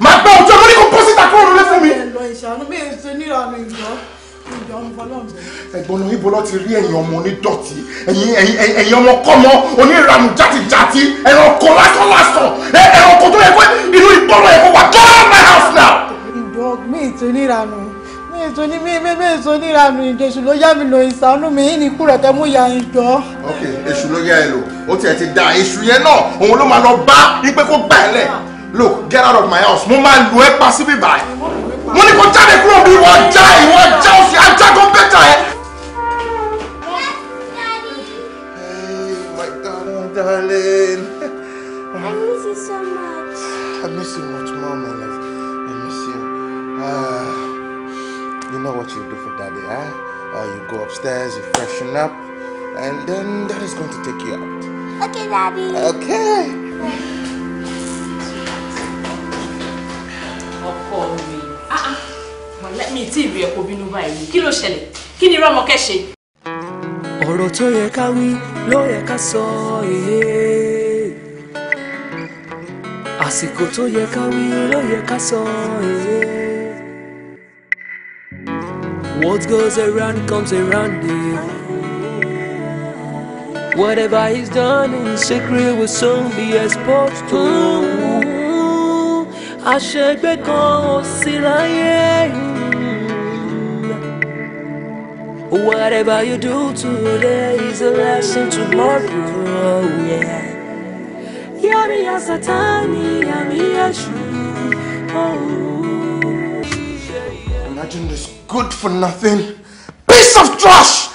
máa gbọ́ ọjọ́ mo ní kó kúrò lólé fún mi. ẹ̀gbọ́n ibo ló ti rí ẹ̀yin ọmọ onídọ̀tí ẹ̀yin ọmọ kọ́mọ oníranu játijàti ẹranko lásán lásán ẹranko tó yẹ kó inú ìgbọ́rọ̀ yẹ wà get out my house now. ìdọ̀ mi ìtò níranu mi ìtò ní mi mi ìtò níranu ìjẹsù ló yá mi lò ìsànú mi ní ikú rẹ̀ tẹ́ mú ya ìjọ. ok èṣù ló yá ẹ lò ó tiẹ̀ ti da èṣù yẹn náà òun ló máa lọ bá ipe kó gbà ẹ lẹ̀ look get out of my house mo máa lu ẹ pa síbí báyìí mo ní kó jáde kúrò bí ìwọ já ìwọ já òsì ajagun bẹ́tà ẹ. Darling, I miss you so much. I miss you much more, my love. I miss you. Uh, you know what you do for daddy, huh? Ah? Uh, ah, you go upstairs, you freshen up, and then daddy's going to take you out. Okay, daddy. Okay. ọkọ mi mọ̀lẹ́ tí ìrì ẹ̀kọ́ bínú báyìí kí ló ṣẹlẹ̀ kí ni rọ́mọkẹ́ ṣe. ọ̀rọ̀ tó yẹ ká wí ló yẹ ká sọ èyí eh, eh. àsìkò tó yẹ ká wí ló yẹ ká sọ èyí. Eh, What goes around comes around you. Whatever is done in secret will soon be exposed to àṣegbé kan ò sí láyé. Whatever you do today is a lesson tomorrow, yeah. Yami ya Sátánì, yami ya Oh. Imagine this good for nothing piece of trash.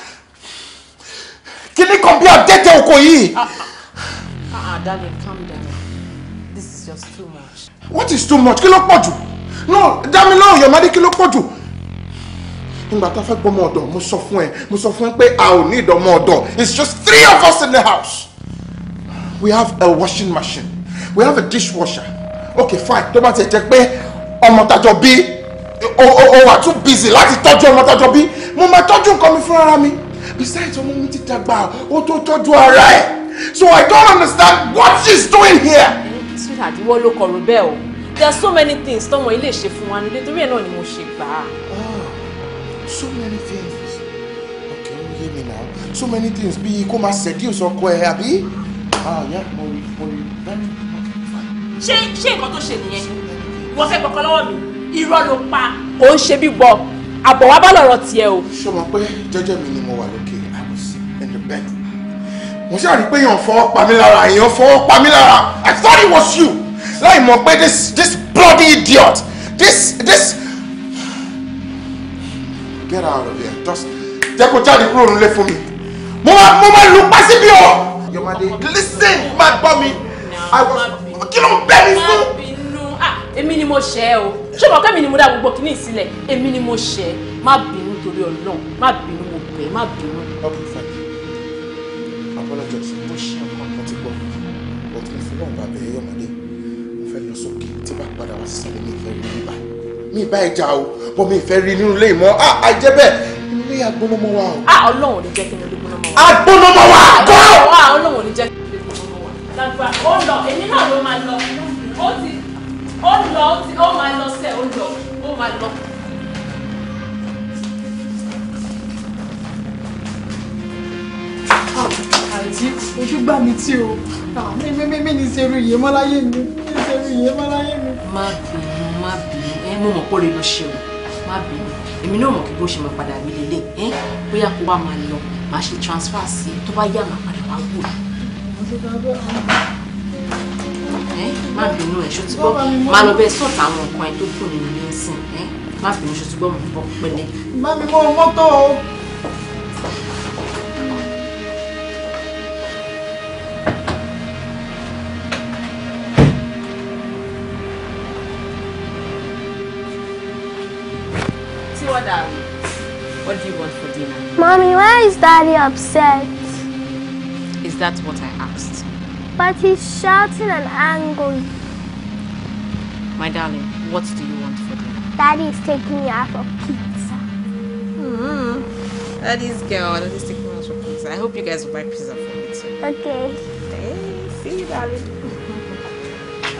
Can you kò bí ọ̀dẹ́tẹ̀ oko yìí? Ah, ah, ah, darling, calm down what is too much kí ló pọ̀ jù no dá mi lóhùn Yomade kí ló pọ̀ jù nígbà tá a fẹ́ gbọ́mọ ọ̀dọ̀ mo sọ fún ẹ mo sọ fún ẹ pé a ò ní ìdọ̀mọ ọ̀dọ̀ it's just three of us in the house we have a washing machine we have a dishwasher okay fine tó bá ti jẹ́ pé ọmọ tàjọ bí o wà too busy láti tọ́jú ọmọ tàjọ bí mo máa tọ́jú nǹkan mi fún ara mi besides ọmọ mi ti dàgbà ó tó tọ́jú ara ẹ̀ so I don't understand what she's doing here sweetheart ìwọ ló kọ̀rọ̀ bẹ́ẹ̀ o there are so many things tọmọ ilé ṣe fún wa nílé torí ẹ̀ náà ni mo ṣe gbà á. Ah, so many things Okay, ó yé mi náà so many things bíi kó máa seduce ọkọ ẹ àbí ah, mo rí mo rí bẹ́ẹ̀ ṣé ṣé nǹkan tó ṣe nìyẹn wọ́n fẹ́ gbọ́kọ́ lọ́wọ́ mi irọ́ ló pa. ò ń ṣe bíbọ àbọ̀wá bá lọ̀rọ̀ tiẹ̀ o. ṣọmọ pé jẹ́jẹ́ mi ni mo wà lókè i was in the bed mo ṣáà rí pé èèyàn fọwọ́ pa mí lára èèyàn fọwọ́ pa mí lára I thought it was you láì mọ̀ pé this this bloody idiot this this get out of here just jẹ́ kó jáde kúrò nílé fún mi mo máa mo máa lu pásí bí o. Yomade listen máa gbọ́ mi kí ló ń bẹ́ mi fún. Ah, èmi ni mo ṣe é o ṣé mo kẹ́mi ni mo dá gbogbo kìíní sílẹ̀ èmi ni mo ṣe é má bínú torí Ọlọ́run má bínú mo bẹ̀ má bínú. fọlọ́run bàbá ẹ̀yọ́ ọmọdé mo fẹ́ lọ sókè tí bá padà wá sísàlẹ̀ mi ìfẹ́ rí níbà mi ìbá ẹja o bọ́ mi ìfẹ́ rí nínú ilé ìmọ̀ ah, a àjẹ́ bẹ́ẹ̀ ilé agbónámọ́ wa o. a ah, ọlọ́run ò ní jẹ́ kí n lè gbónámọ́ wa. agbónámọ́ wa ah, kọ́. a ọlọ́run ò ní jẹ́ kí n lè gbónámọ́ wa. dàgbà ó lọ èmi náà ló máa lọ ó ti ó lọ ó máa lọ sẹ́ẹ̀ ó lọ ó máa lọ. àǹtí ojú gbà mí tí o mímímí ní ṣerú iye mọ́láyé mi ní ṣerú iye mọ́láyé mi. má bínú má bínú ẹ mo mọ̀ pọ́lẹ̀ ló ṣe o má bínú èmi náà mọ̀ kí bó ṣe máa padà rí lélẹ̀ bóyá kó wá máa lọ màá ṣe transfer sí tó bá yá màá padà wá wò má bínú ẹ ṣó má lọ bẹ sọ̀tà àwọn nǹkan ẹ tó kù nínú ilé ńsìn má bínú ṣó ti gbọ́ má mi mọ mọ́tò o. Mommy, why is Daddy upset? Is that what I asked? But he's shouting and angry. My darling, what do you want for dinner? Daddy is taking me out for pizza. Mm hmm. Daddy's girl, Daddy's taking me out for pizza. I hope you guys will buy pizza for me too. Okay. Thanks. see you, darling.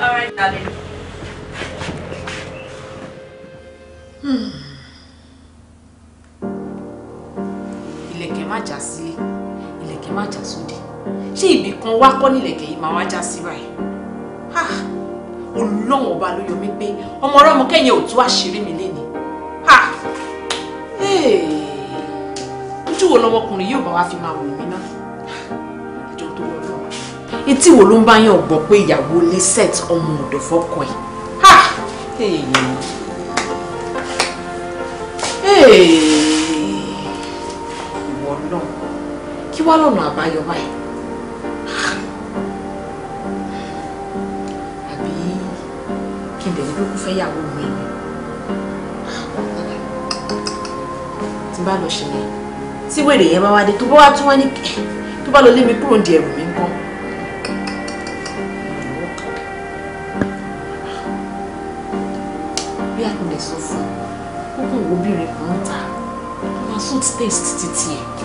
All right, darling. Hmm. já sí ilẹ̀kẹ̀ má já sóde ṣé ibì kan wá kọ́ nílẹ̀kẹ̀ yìí máa wá já sí báyìí ọlọ́run ọba ló yọ mí pé ọmọ ọlọ́mọ kẹ́yìn ò tú àṣírí mi lé ni ojú wo lọmọkùnrin yóò bá wá fi máa wò mí ná ìjọ tó wọ lọ etí wo ló ń bá yàn gbọ́ pé ìyàwó lè set ọmọ ọ̀dọ̀ fọ́kọ ẹ̀ Hey. Hey. wá lọ́nà àbáyọ báyìí àbí kí n bẹ̀rẹ̀ pé kó fẹ́ yàwó mi tí bá lọ ṣe yẹn tí wèrè yẹn bá wá dé tó bá wá tún wá ní tó bá lọ lé mi kúrò ní ẹrù mi ń bọ́. bí a kò lè sọ fún ó kàn wo obìnrin kan ń ta ó máa suit taste títí ẹ̀.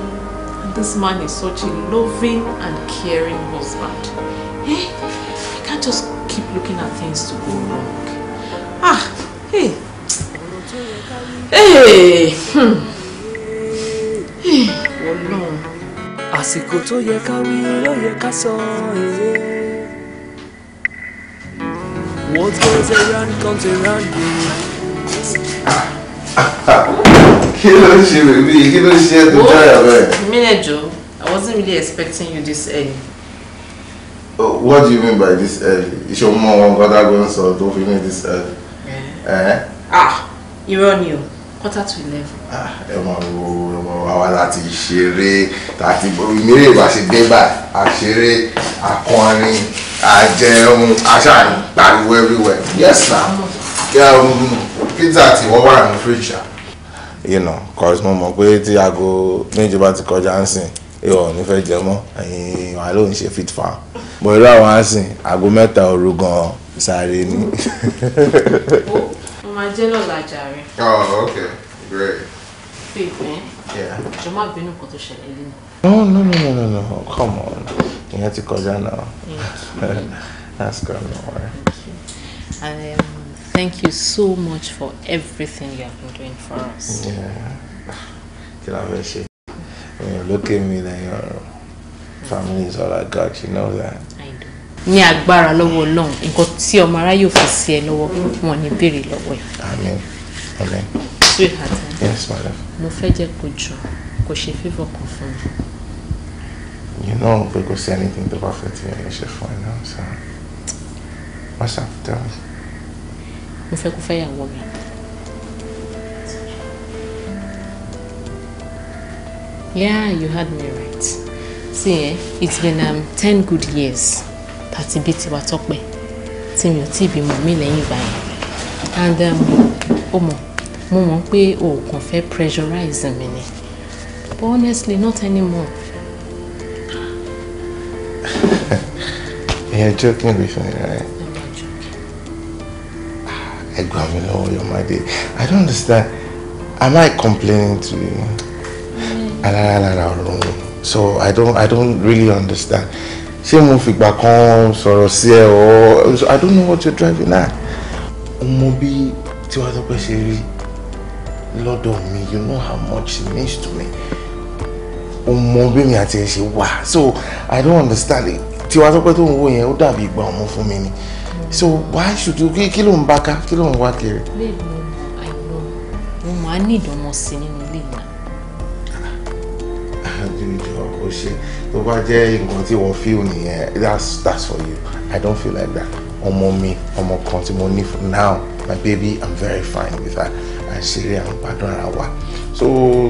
this man is such a loving and caring husband. Hey, eh, I can't just keep looking at things to go wrong. Ah, hey. Hey. Hmm. Hey. Ọlọ́run. Àsìkò tó yẹ ká wí ló yẹ ká sọ èyí. What goes around comes around kí ló ń ṣe bèbí kí ló ṣe ẹ tó jáyà bẹ́ẹ̀. mílẹ̀jọ I wasn't really expecting you this early. Oh, what do you mean by this early? iṣẹ́ mọ́ wọn gbọ́dá gbọ́n sọ tó fi ní this early. Eh. Eh? ah irọ́ ni o quarter to eleven. Ah, ẹ mọ wo ẹ mọ àwa láti ṣeré láti ìmírè bá ṣe dé báyìí àṣeré akọrin àjẹun aṣáà ń pariwo everywhere yes na kí um, pizza tí wọ́n wà ní fíríjì you know cause mo mọ̀ pé tí aago méje bá ti kọjá ń sìn ìwọ ní fẹ́ jẹ mọ́ ẹ̀yin wà ló ń ṣe fit fa mo rí àwọn àsìn aago mẹ́ta òru gan sáré ni. mo máa jẹ́ lọ́la jàre. oh okay great. fífẹ́ jọ má bínú kan tó ṣẹlẹ̀ lẹ́nu. no no no no no come on ìyẹn ti kọjá náà that's good no worry. Thank you. And, um, Thank you so much for everything you have been doing for us. Yeah. When you look at me, then your family is all I got. You know that. I do. Ní agbára lọ́wọ́ Ọlọ́run, nǹkan tí ọmọ aráyò fi sí ẹ lọ́wọ́ wọn ní béèrè lọ́wọ́ ẹ. Amen. Amen. Sweetheart. Eh? Yes, madam. Mo fẹ́ jẹ́ kó jọ, kó ṣe You know, pé kò sí anything tó bá fẹ́ tí ẹ ṣe fún ẹ so what's up, tell me mo fẹ́ kó fẹ́ mi. Yeah, you had me right. See, eh, it's been um, ten good years tàti bí tiwa tọ́pẹ́ tí mi ò tí ì bímọ mi lẹ́yìn ìgbà and um, ó mọ̀ mo mọ̀ pé oògùn fẹ́ pressurize mi ni but honestly not anymore. You're joking with me, right? ẹ gbà mí lọ́wọ́ your my dear i don't understand am i complaining to you mm. alára alára ọ̀rọ̀ mi so i don't i don't really understand ṣé mo fìgbà kan sọ̀rọ̀ sí ẹ i don't know what you're driving at ọmọ bí tiwa tọpẹ ṣe rí lọ́dọ̀ you know how much she means to me so i don't understand tiwa tọpẹ tó ń wò yẹn ó dàbí ìgbà ọmọ so why should you kí kí ló ń bá ká kí ló ń wá kiri. bẹ́ẹ̀ I àìlọ mo máa ní ìdánmọ sí nínú ilé ìlànà. Ah, àdúgbò ó ṣe tó bá jẹ́ nǹkan tí wọ́n feel nìyẹn that's that's for you i don't feel like that ọmọ mi ọmọ kan tí mo ní for now my baby i'm very fine with her and ṣeré àwọn gbádùn ara wa so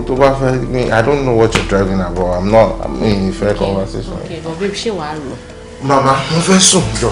tó bá fẹ́ i don't know what you're driving about. i'm not i'm in a fair okay. conversation. okay but babe ṣé wàá lọ. mama mo fẹ́ sùn jọ.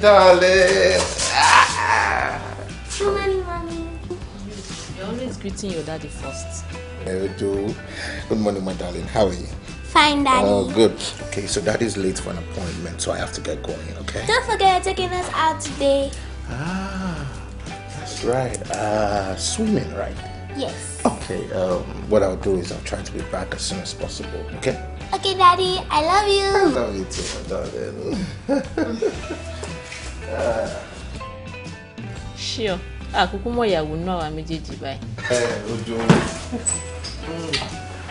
darling. So many money. You're always greeting your daddy first. Hello, Good morning, my darling. How are you? Fine, Daddy. Oh, good. Okay, so Daddy's late for an appointment, so I have to get going, okay? Don't forget you're taking us out today. Ah, that's right. Uh, swimming, right? Yes. Okay, um, what I'll do is I'll try to be back as soon as possible, okay? Okay, Daddy, I love you. I love you too, my darling. ṣíọ àkókò mọ ìyàwó náà wa méjèèjì báyìí. ẹ ojú omi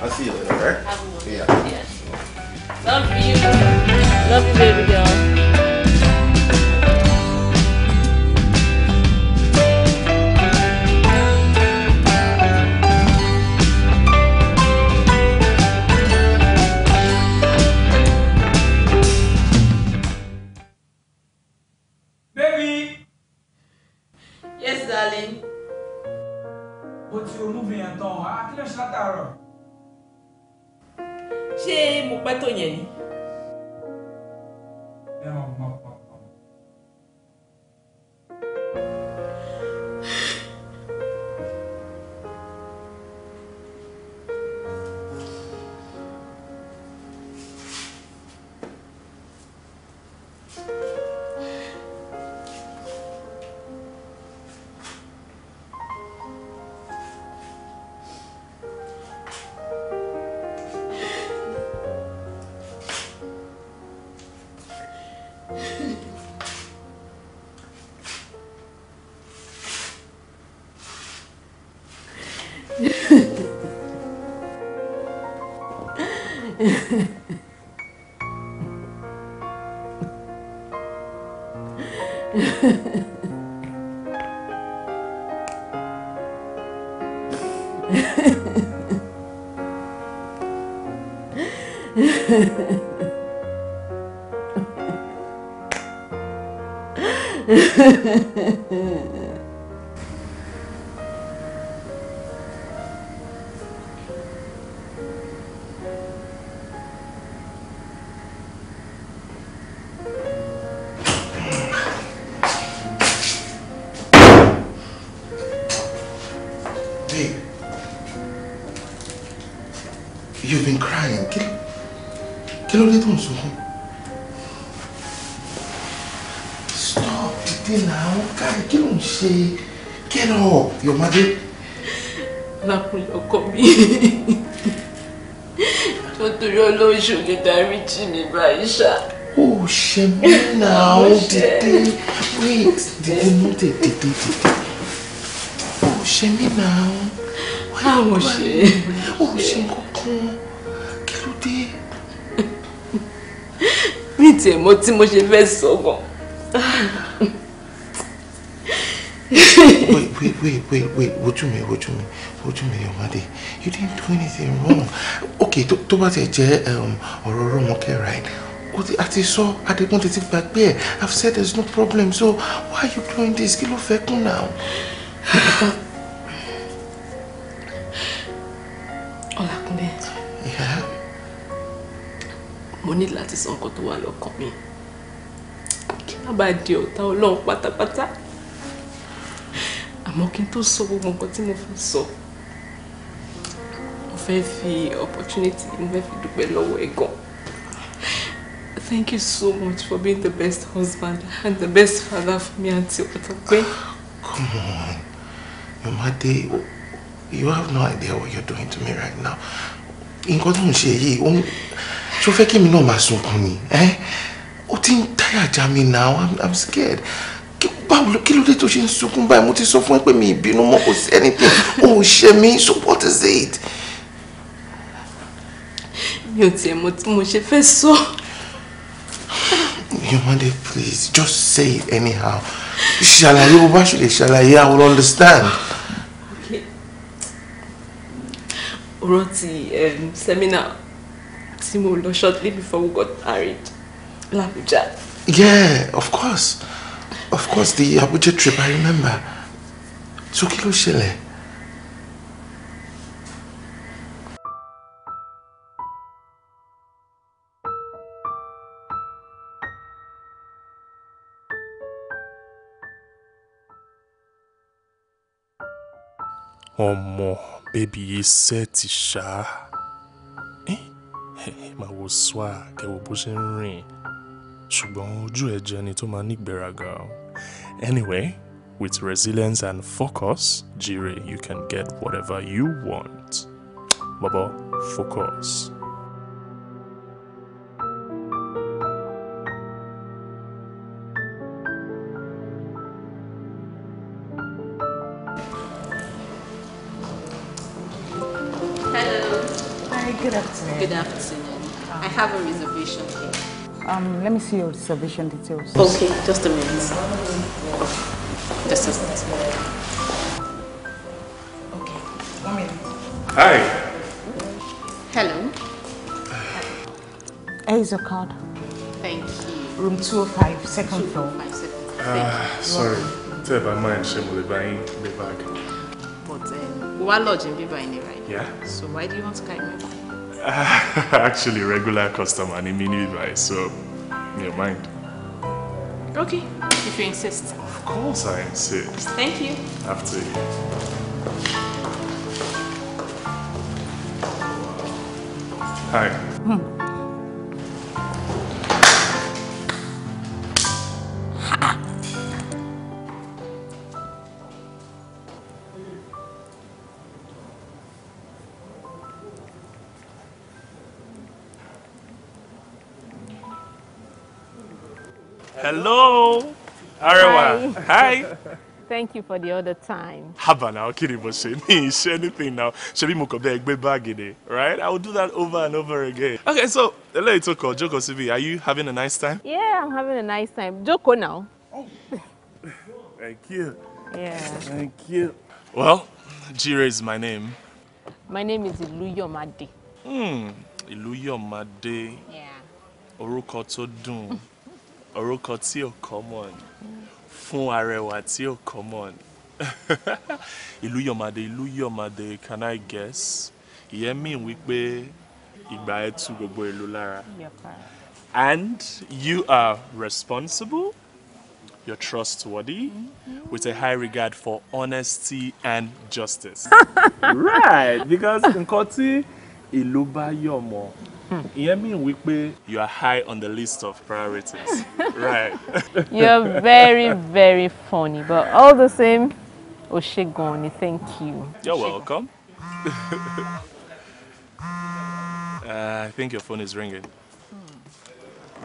i right? yeah. love you love you baby girl. tán á kí ló ṣe látàárọ̀. ṣé mo pẹ́ tó yẹn ni. olóṣù lè darí jì mí báyìí ṣá. o ṣe mí náà ó dédé wait dédé mú dédé dédé o ṣe mí náà ó ṣe o ṣe kankan kí ló dé. ní tiẹ̀ mọ̀ tí mo ṣe fẹ́ sọ gan. wait, wait, wait, wait, wait, wojú mi, wojú mi, wojú mi, Yomade, you didn't do anything wrong ok tó bá tẹ̀ jẹ́ um, ọ̀rọ̀ Rọ́mọkẹ́ right àti sọ Adékúnlé ti gbàgbé ẹ̀ I've said there's no problem so why are you doing this kí ló fẹ́ kún now. Ọlákúnlé mo ní láti sọ nǹkan tó wà lọ́kàn mi kí má bàa di ọ̀tá Ọlọ́run pátápátá àmọ́ kí n tó sọ gbogbo nǹkan tí mo fẹ́ sọ. So fẹ́ fi opportunity mo fẹ́ fi dúpẹ́ lọ́wọ́ ẹ gan. Thank you so much for being the best husband and the best father for me and àti Ọ̀tọ̀pẹ́. Come on, your Yomade, you have no idea what you're doing to me right now. Nǹkan tó ń ṣe yìí, ṣó fẹ́ kí mi náà máa sunkún ni? Ó ti ń táyà já mi now, I'm, I'm scared báwo kí ló dé tó ṣe ń sunkún báyìí mo ti sọ fún ẹ pé mi ìbínú mọ́ kò sí anything o ṣe mí so what is it mi ò tiẹ̀ mọ̀ tí mo ṣe fẹ́ sọ. Yomade please just say it anyhow ṣàlàyé bó bá ṣe lè ṣàlàyé I will understand. ọ̀rọ̀ ti um, seminar tí mo lọ shortly before we got married l'Abuja. yeah of course of course the Abuja trip I remember so kí ló ṣẹlẹ̀. ọmọ bébí yìí sẹ́ẹ̀tì ṣá máa wo swag ẹ wo bó ṣe ń rìn ṣùgbọ́n ojú ẹ̀ jẹ́ ẹni tó máa nígbéraga anyway with resilience and focus jire you can get whatever you want baba focus. Good afternoon. I have a reservation here. Um, let me see your reservation details. Okay, just a minute. Just a minute. Okay, one minute. Hi. Hello. Here is your card. Thank you. Room 205, second floor. Uh, sorry, tell my mind, she will be buying the bag. But um, eh, we are lodging, be buying it, right? Yeah. So why do you want to carry my bag? Actually, regular customer and a mini device, so never mind. Okay, if you insist. Of course I insist. Thank you. After you. Hi. Thank you for the other time. Haba now, Kiribose. Me, say anything now. Shebi mo kobe egbe bagede, right? I will do that over and over again. Okay, so let's talk about Joko Sibi. Are you having a nice time? Yeah, I'm having a nice time. Joko now. Oh. Thank you. Yeah. Thank you. Well, Jire is my name. My name is Iluyomade. Hmm, Iluyomade. Yeah. Orúkọ tó dùn. Orúkọ tí ò Mm fún arẹwà tí ó common Ìlúyọ̀mádé Ìlúyọ̀mádé can I guess ìyẹn mean wípé ìgbà ẹ tú gbogbo ìlú lára and you are responsible you're trustworthy mm-hmm. with a high regard for honesty and justice. right because nǹkan tí ìlú bá yọ̀ Hmm. ìyẹn mean wípé you are high on the list of priorities right. you are very very funny but all the same oṣegunni thank you. you're welcome. uh, I think your phone is ringing. Hmm.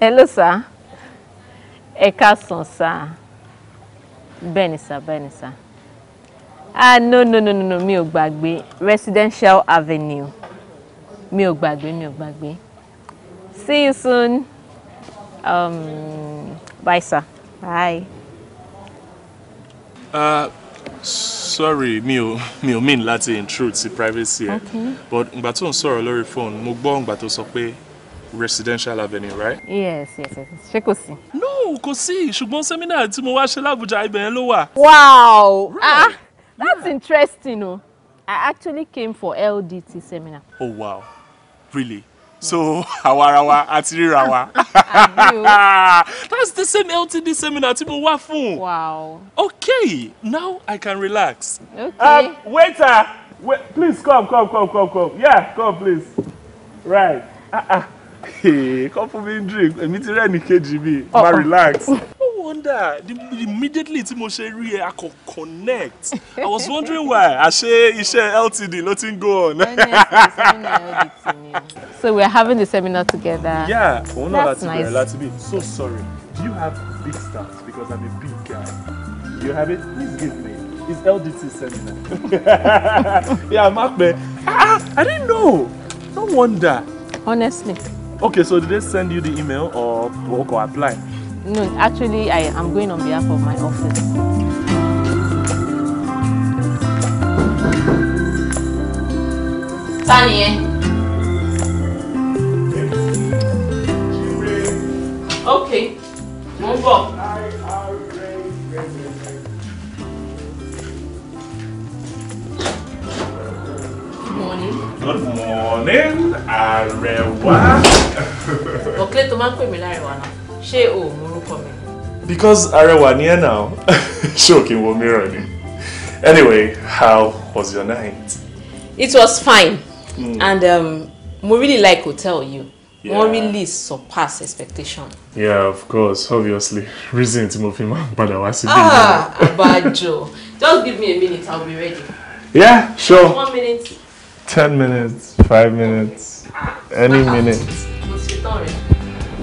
hello sir ẹ káàsán sir bẹ́ẹ̀ ni sir bẹ́ẹ̀ ah no no no no mi ò gbàgbé residential avenue mi ò gbàgbé mi ò gbàgbé see you soon um, bye sir bye. Uh, sorry mi ò mi ò mean láti intrude sí privacy ẹ okay. but ngbà tó ń sọ̀rọ̀ lórí phone mo gbọ́ ngbà tó sọ pé residential avenue right. yes yes yes ṣé kò sí. no kò sí ṣùgbọ́n sẹ́mínà tí mo wá ṣe làbújá ibẹ̀ yẹn ló wà. wow right. ah that's yeah. interesting o. Oh. I actually came for LDT seminar. Oh wow really so àwa ara wa àti ríra that's the same LTD seminar tí mo wá fún wow okay now i can relax okay um, waiter wait, please come come come come come yeah come please right uh -uh. Hey, come for me drink èmi ti rẹ́ ní kejì mi ma uh-uh. relax wonder the, immediately tí mo ṣe rí ẹ a kò connect i was wondering why àṣé iṣẹ́ ltd ló ti ń go on. so we are having the seminar together. yeah òun náà láti bẹ̀rẹ̀ láti bí so sorry do you have big stars because i'm a big guy do you have it please give me it's ldt seminar yeah má pẹ́ ah i didn't know no wonder. honestly. okay so did they send you the email or or apply. No, actually, I am going on behalf of my office. Sunny. Okay. Move on. Good morning, Good morning, tó Okay, tomorrow we will láàrin wa ṣé o morúkọ mi. because arẹwà ni ẹ náà ṣé òkè wo mìíràn ni anyway how was your night. it was fine mm. and um, mo really like hotel you yeah. wọ́n really surpass expectation. yeah of course obviously reason tí mo fi máa ń padà wá sí bí. ah àbájọ just give me a minute i'll be ready. yeah sure one minute. ten minutes five minutes any minute.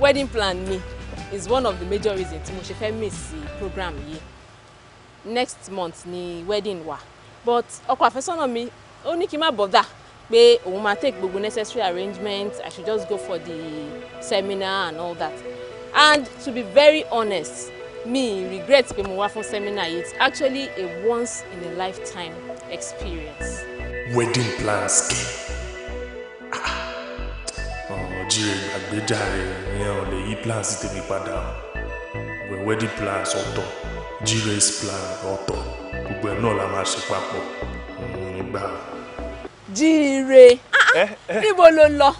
wedding plan mi is one of the major reasons tí mo ṣe fẹ́ miss program yìí next month ni wedding wa but ọkọ àfẹ́sọ́nà mi ó ní kí n má bọ̀dà pé òun máa take gbogbo necessary arrangements I should just go for the seminar and all that and to be very honest me regret pé mo wá fún seminar it's actually a once in a lifetime experience. wedding plans kẹ́ẹ̀ jẹ́ àgbéjà rẹ̀ ìyẹn ò lè yí plan sí tèmi padà wẹ̀ wedding plans ọ̀tọ̀ g-race plan ọ̀tọ̀ gbogbo ẹ̀ náà la máa ṣe papọ̀ ìgbà jíire ah, ah, eh, eh. níbo ló lọ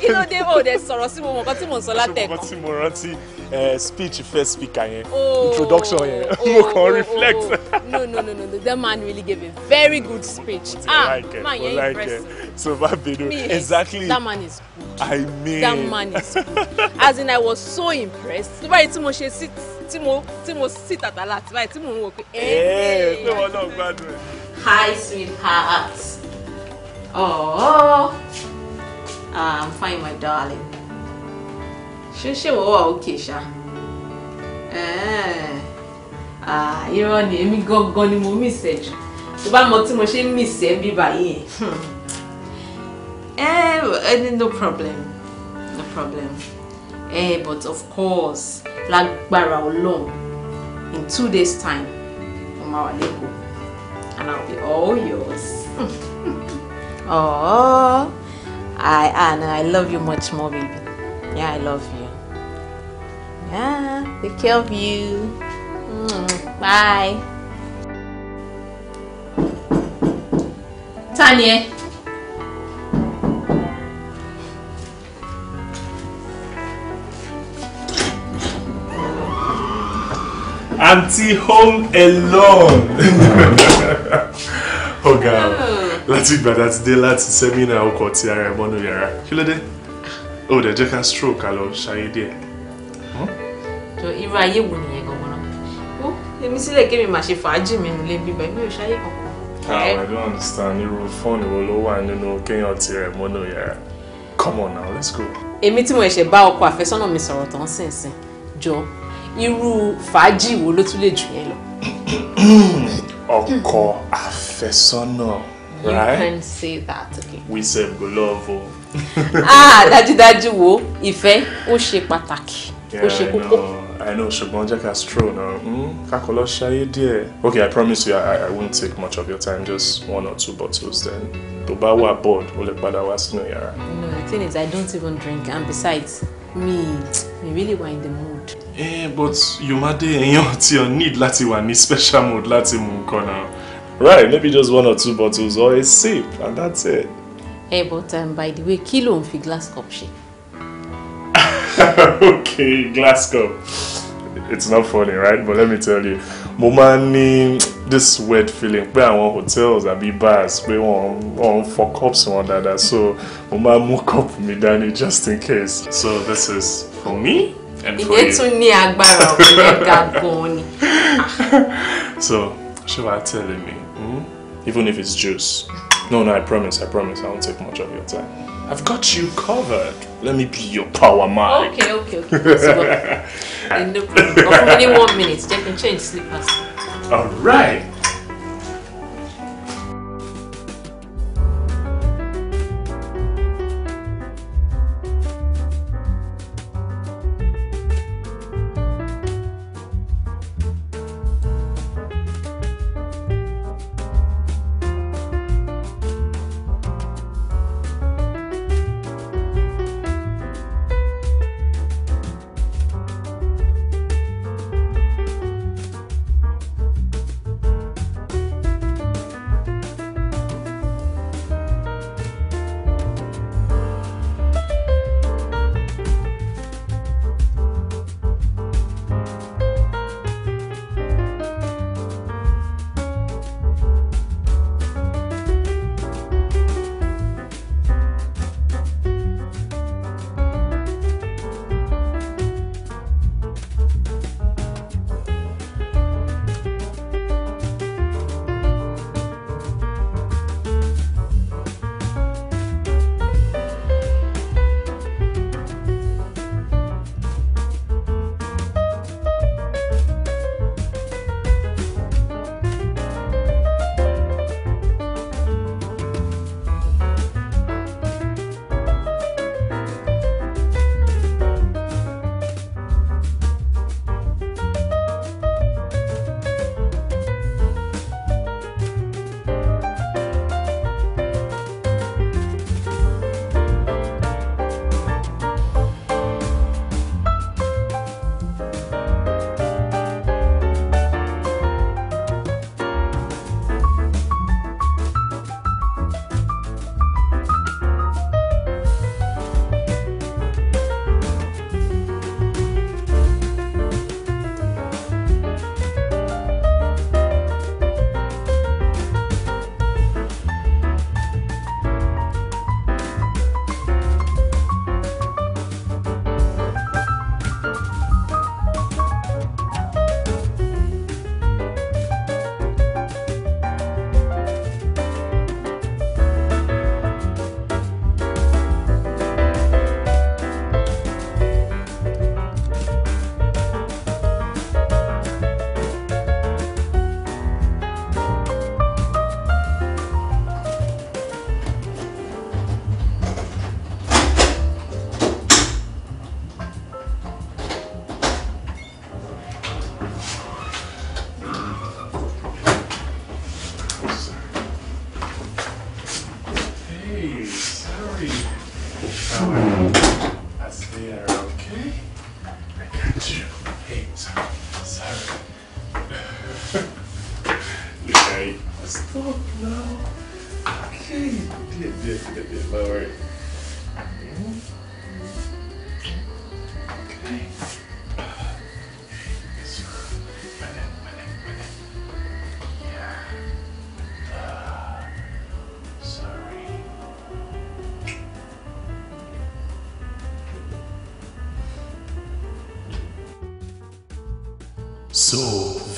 kí ló dé o dẹ sọ̀rọ̀ sí mo mọ̀ nǹkan tí mo ń sọ látẹ̀kọ́. nǹkan tí mo rántí eh, speech first speaker yẹn oh, introduction yẹn oh, mo kàn oh, reflect. no no no no that man really gave a very good speech ah like man yẹn like impressive. so bá exactly that man is good i mean that man is good as in i was so impressed tó báyìí tí mo ṣe sí tí mo tí mo sí tàtàlà àti báyìí tí mo ń wò pé. ẹ ẹ pé wọn náà gbádùn ẹ. hi sweetheart. Oh, ah, I'm fine, my darling. Ṣé ṣé wọ́n wà okay ṣá? Eh. Ah, irọ́ ni èmi gangan ni mo miss ẹ jù. Tó bá mọ tí mo ṣe ń miss ẹ bí báyìí yẹn. Eh, eh, no problem, no problem. Eh, but of course, lágbára Ọlọ́run, in two days time, mo máa wà lẹ́kọ̀ọ́ and I'll be all yours. Hmm. Oh, I and ah, I love you much more, baby. Yeah, I love you. Yeah, take care of you. Mm, bye. Tanya. Auntie home alone. oh God láti gbàdá ti dé láti sẹ́mínà ọkọ̀ ti ara ẹ̀ mọ́nú yàrá kí ló dé ó dẹ̀ jẹ́ ká stroke àlọ́ ṣayé díẹ̀. Hmm? jọ irú ayé wo nìyẹn gangan náà ó èmi sílẹ̀ kémi màá ṣe fàájì mi nílé bíbá mi ò ṣayé kankan. ah I don't understand irú fóònù wo ló wà nínú kéèyàn ti rẹ̀ mọ́nú yàrá come on now let's go. èmi tí mo ẹ̀ṣẹ̀ bá ọkọ àfẹ́sọ́nà mi sọ̀rọ̀ tán sìnsìn jọ irú fàájì wo ló tún lè jù yẹn lọ. ọkọ àfẹ́sọ́nà right? you can say that okay. wisdom go love o. ah dájúdájú wo ìfẹ́ ó ṣe pàtàkì ó ṣe kókó. I know ṣùgbọ́n jẹ́ ká stroll náà hmm, kakọ lọ ṣayé díẹ̀. Okay, I promise you I, I won't take much of your time just one or two bottles then. Tó bá wà bored o lè padà wá sínú yàrá. No, the thing is I don't even drink and besides me me really were in the mood. Eh, but Yomade èèyàn ti ọ need láti wà ní special mood láti mú nǹkan náà right maybe just one or two bottles or a sip and that's it. Hey, but um, by the way kilo on ń fi glass cup ṣe. okay glass cup it's not funny right but let me tell you mo máa ń ní this weird feeling pé àwọn hotels àbí bars pé wọ́n wọ́n for cups wọn dáadáa so mo máa mú cup mi dání just in case so this is for me and for you. ìyẹn tún ní agbára ọ̀gbìn ẹ̀ga gan-an ni. so ṣé wàá tẹ̀lé mi. even if it's juice. No, no, I promise, I promise, I won't take much of your time. I've got you covered. Let me be your power man. Okay, okay, okay. So, well, no problem. Only one minute. They can change slippers. All right.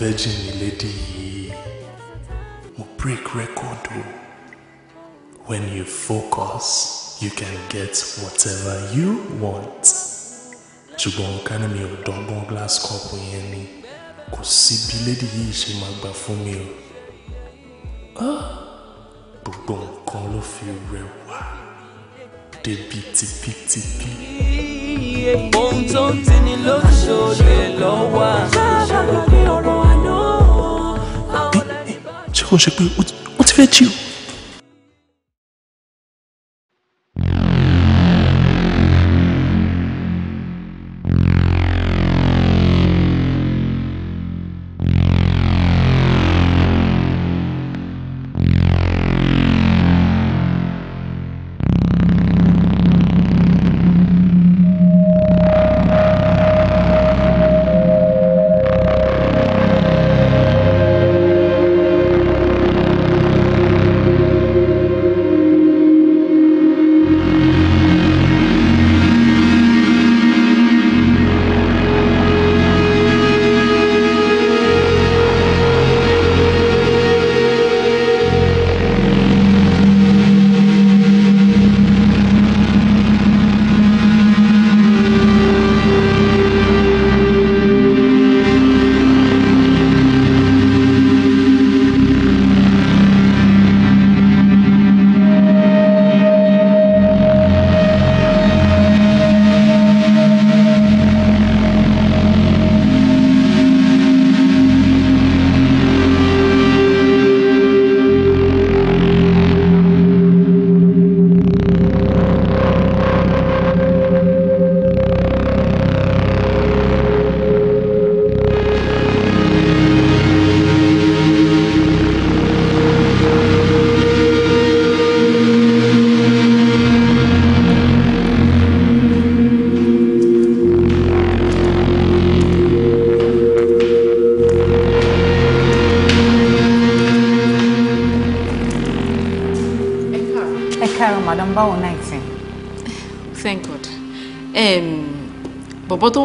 virgin ni lady yìí break record oh. when you focus you can get whatever you want ṣùgbọ́n kánú mi ò dọ́gbọ́n glass cup yẹn ni kò sí bí lady yìí ṣe máa gbà fún mi o ah! gbogbo nǹkan ló fi rẹwà débi tipitipi. ohun tó ń tini lóṣòlè lọ́wọ́ àṣàlàyé ọ̀rọ̀ kò ṣe pé ó ti fẹ́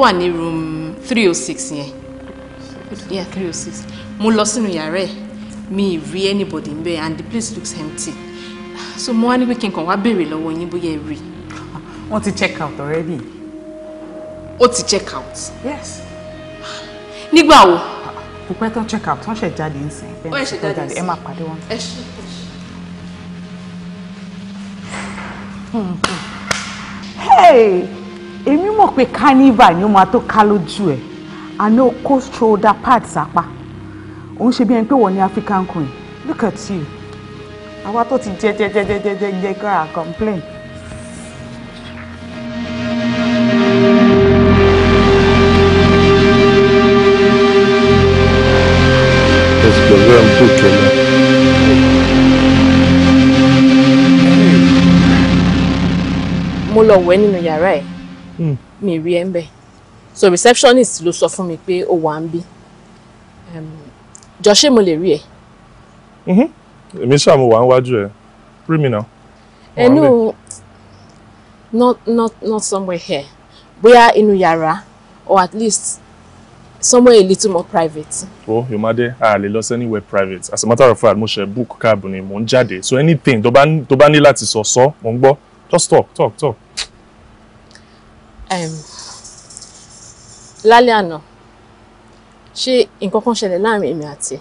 wà ní room three oh six yẹn yeah three oh six mo lọ sínú yàrá ẹ̀ mi ì rí anybody ńbẹ̀ and the place looks empty so mo wá ní pé kí n kàn wá béèrè lọ́wọ́ yín bóyá ẹ rí. wọ́n ti check out already. ó ti check out. yes. nígbà wo. kò pẹ́ tán check out wọ́n ṣẹ̀ jáde nsìn. wọ́n ṣẹ̀ jáde nsìn máa pàdé wọn. ẹ ṣe ẹ ṣe. Hmm, hmm. hey mọ̀ pé carnival ni ó máa tó ká lójú ẹ̀ àná kó shoulder pad sápá òun ṣe bí ẹni pé wọ́n ní African queen look at you àwa tó ti jẹ́ jẹ́ jẹ́ jẹ́ jẹ́ jẹ́ jẹ́ kọ́ra complain. Escrever un poco, ¿no? mo lọ wẹ̀ nínú yàrá ẹ̀ Hmm. mi rí ẹ ń bẹ̀ so receptionist ló sọ fún mi pé ó wà ń bí jọ ṣé mo lè rí ẹ. Mm-hmm. èmi ṣáà mo wà ń wájú ẹ rí mi náà. ẹnu not not not somewhere here bóyá inú yàrá or at least somewhere a little more private. Oh, Yomade, a lè lọ sí anywhere private. As a matter of fact, mo ṣe book cab ni mo ń jáde. So anything tó bá ní láti sọ sọ, mo ń gbọ́. Just talk, talk, talk lálẹ́ àná ṣé nǹkan kan ṣẹlẹ̀ láàrin èmi àti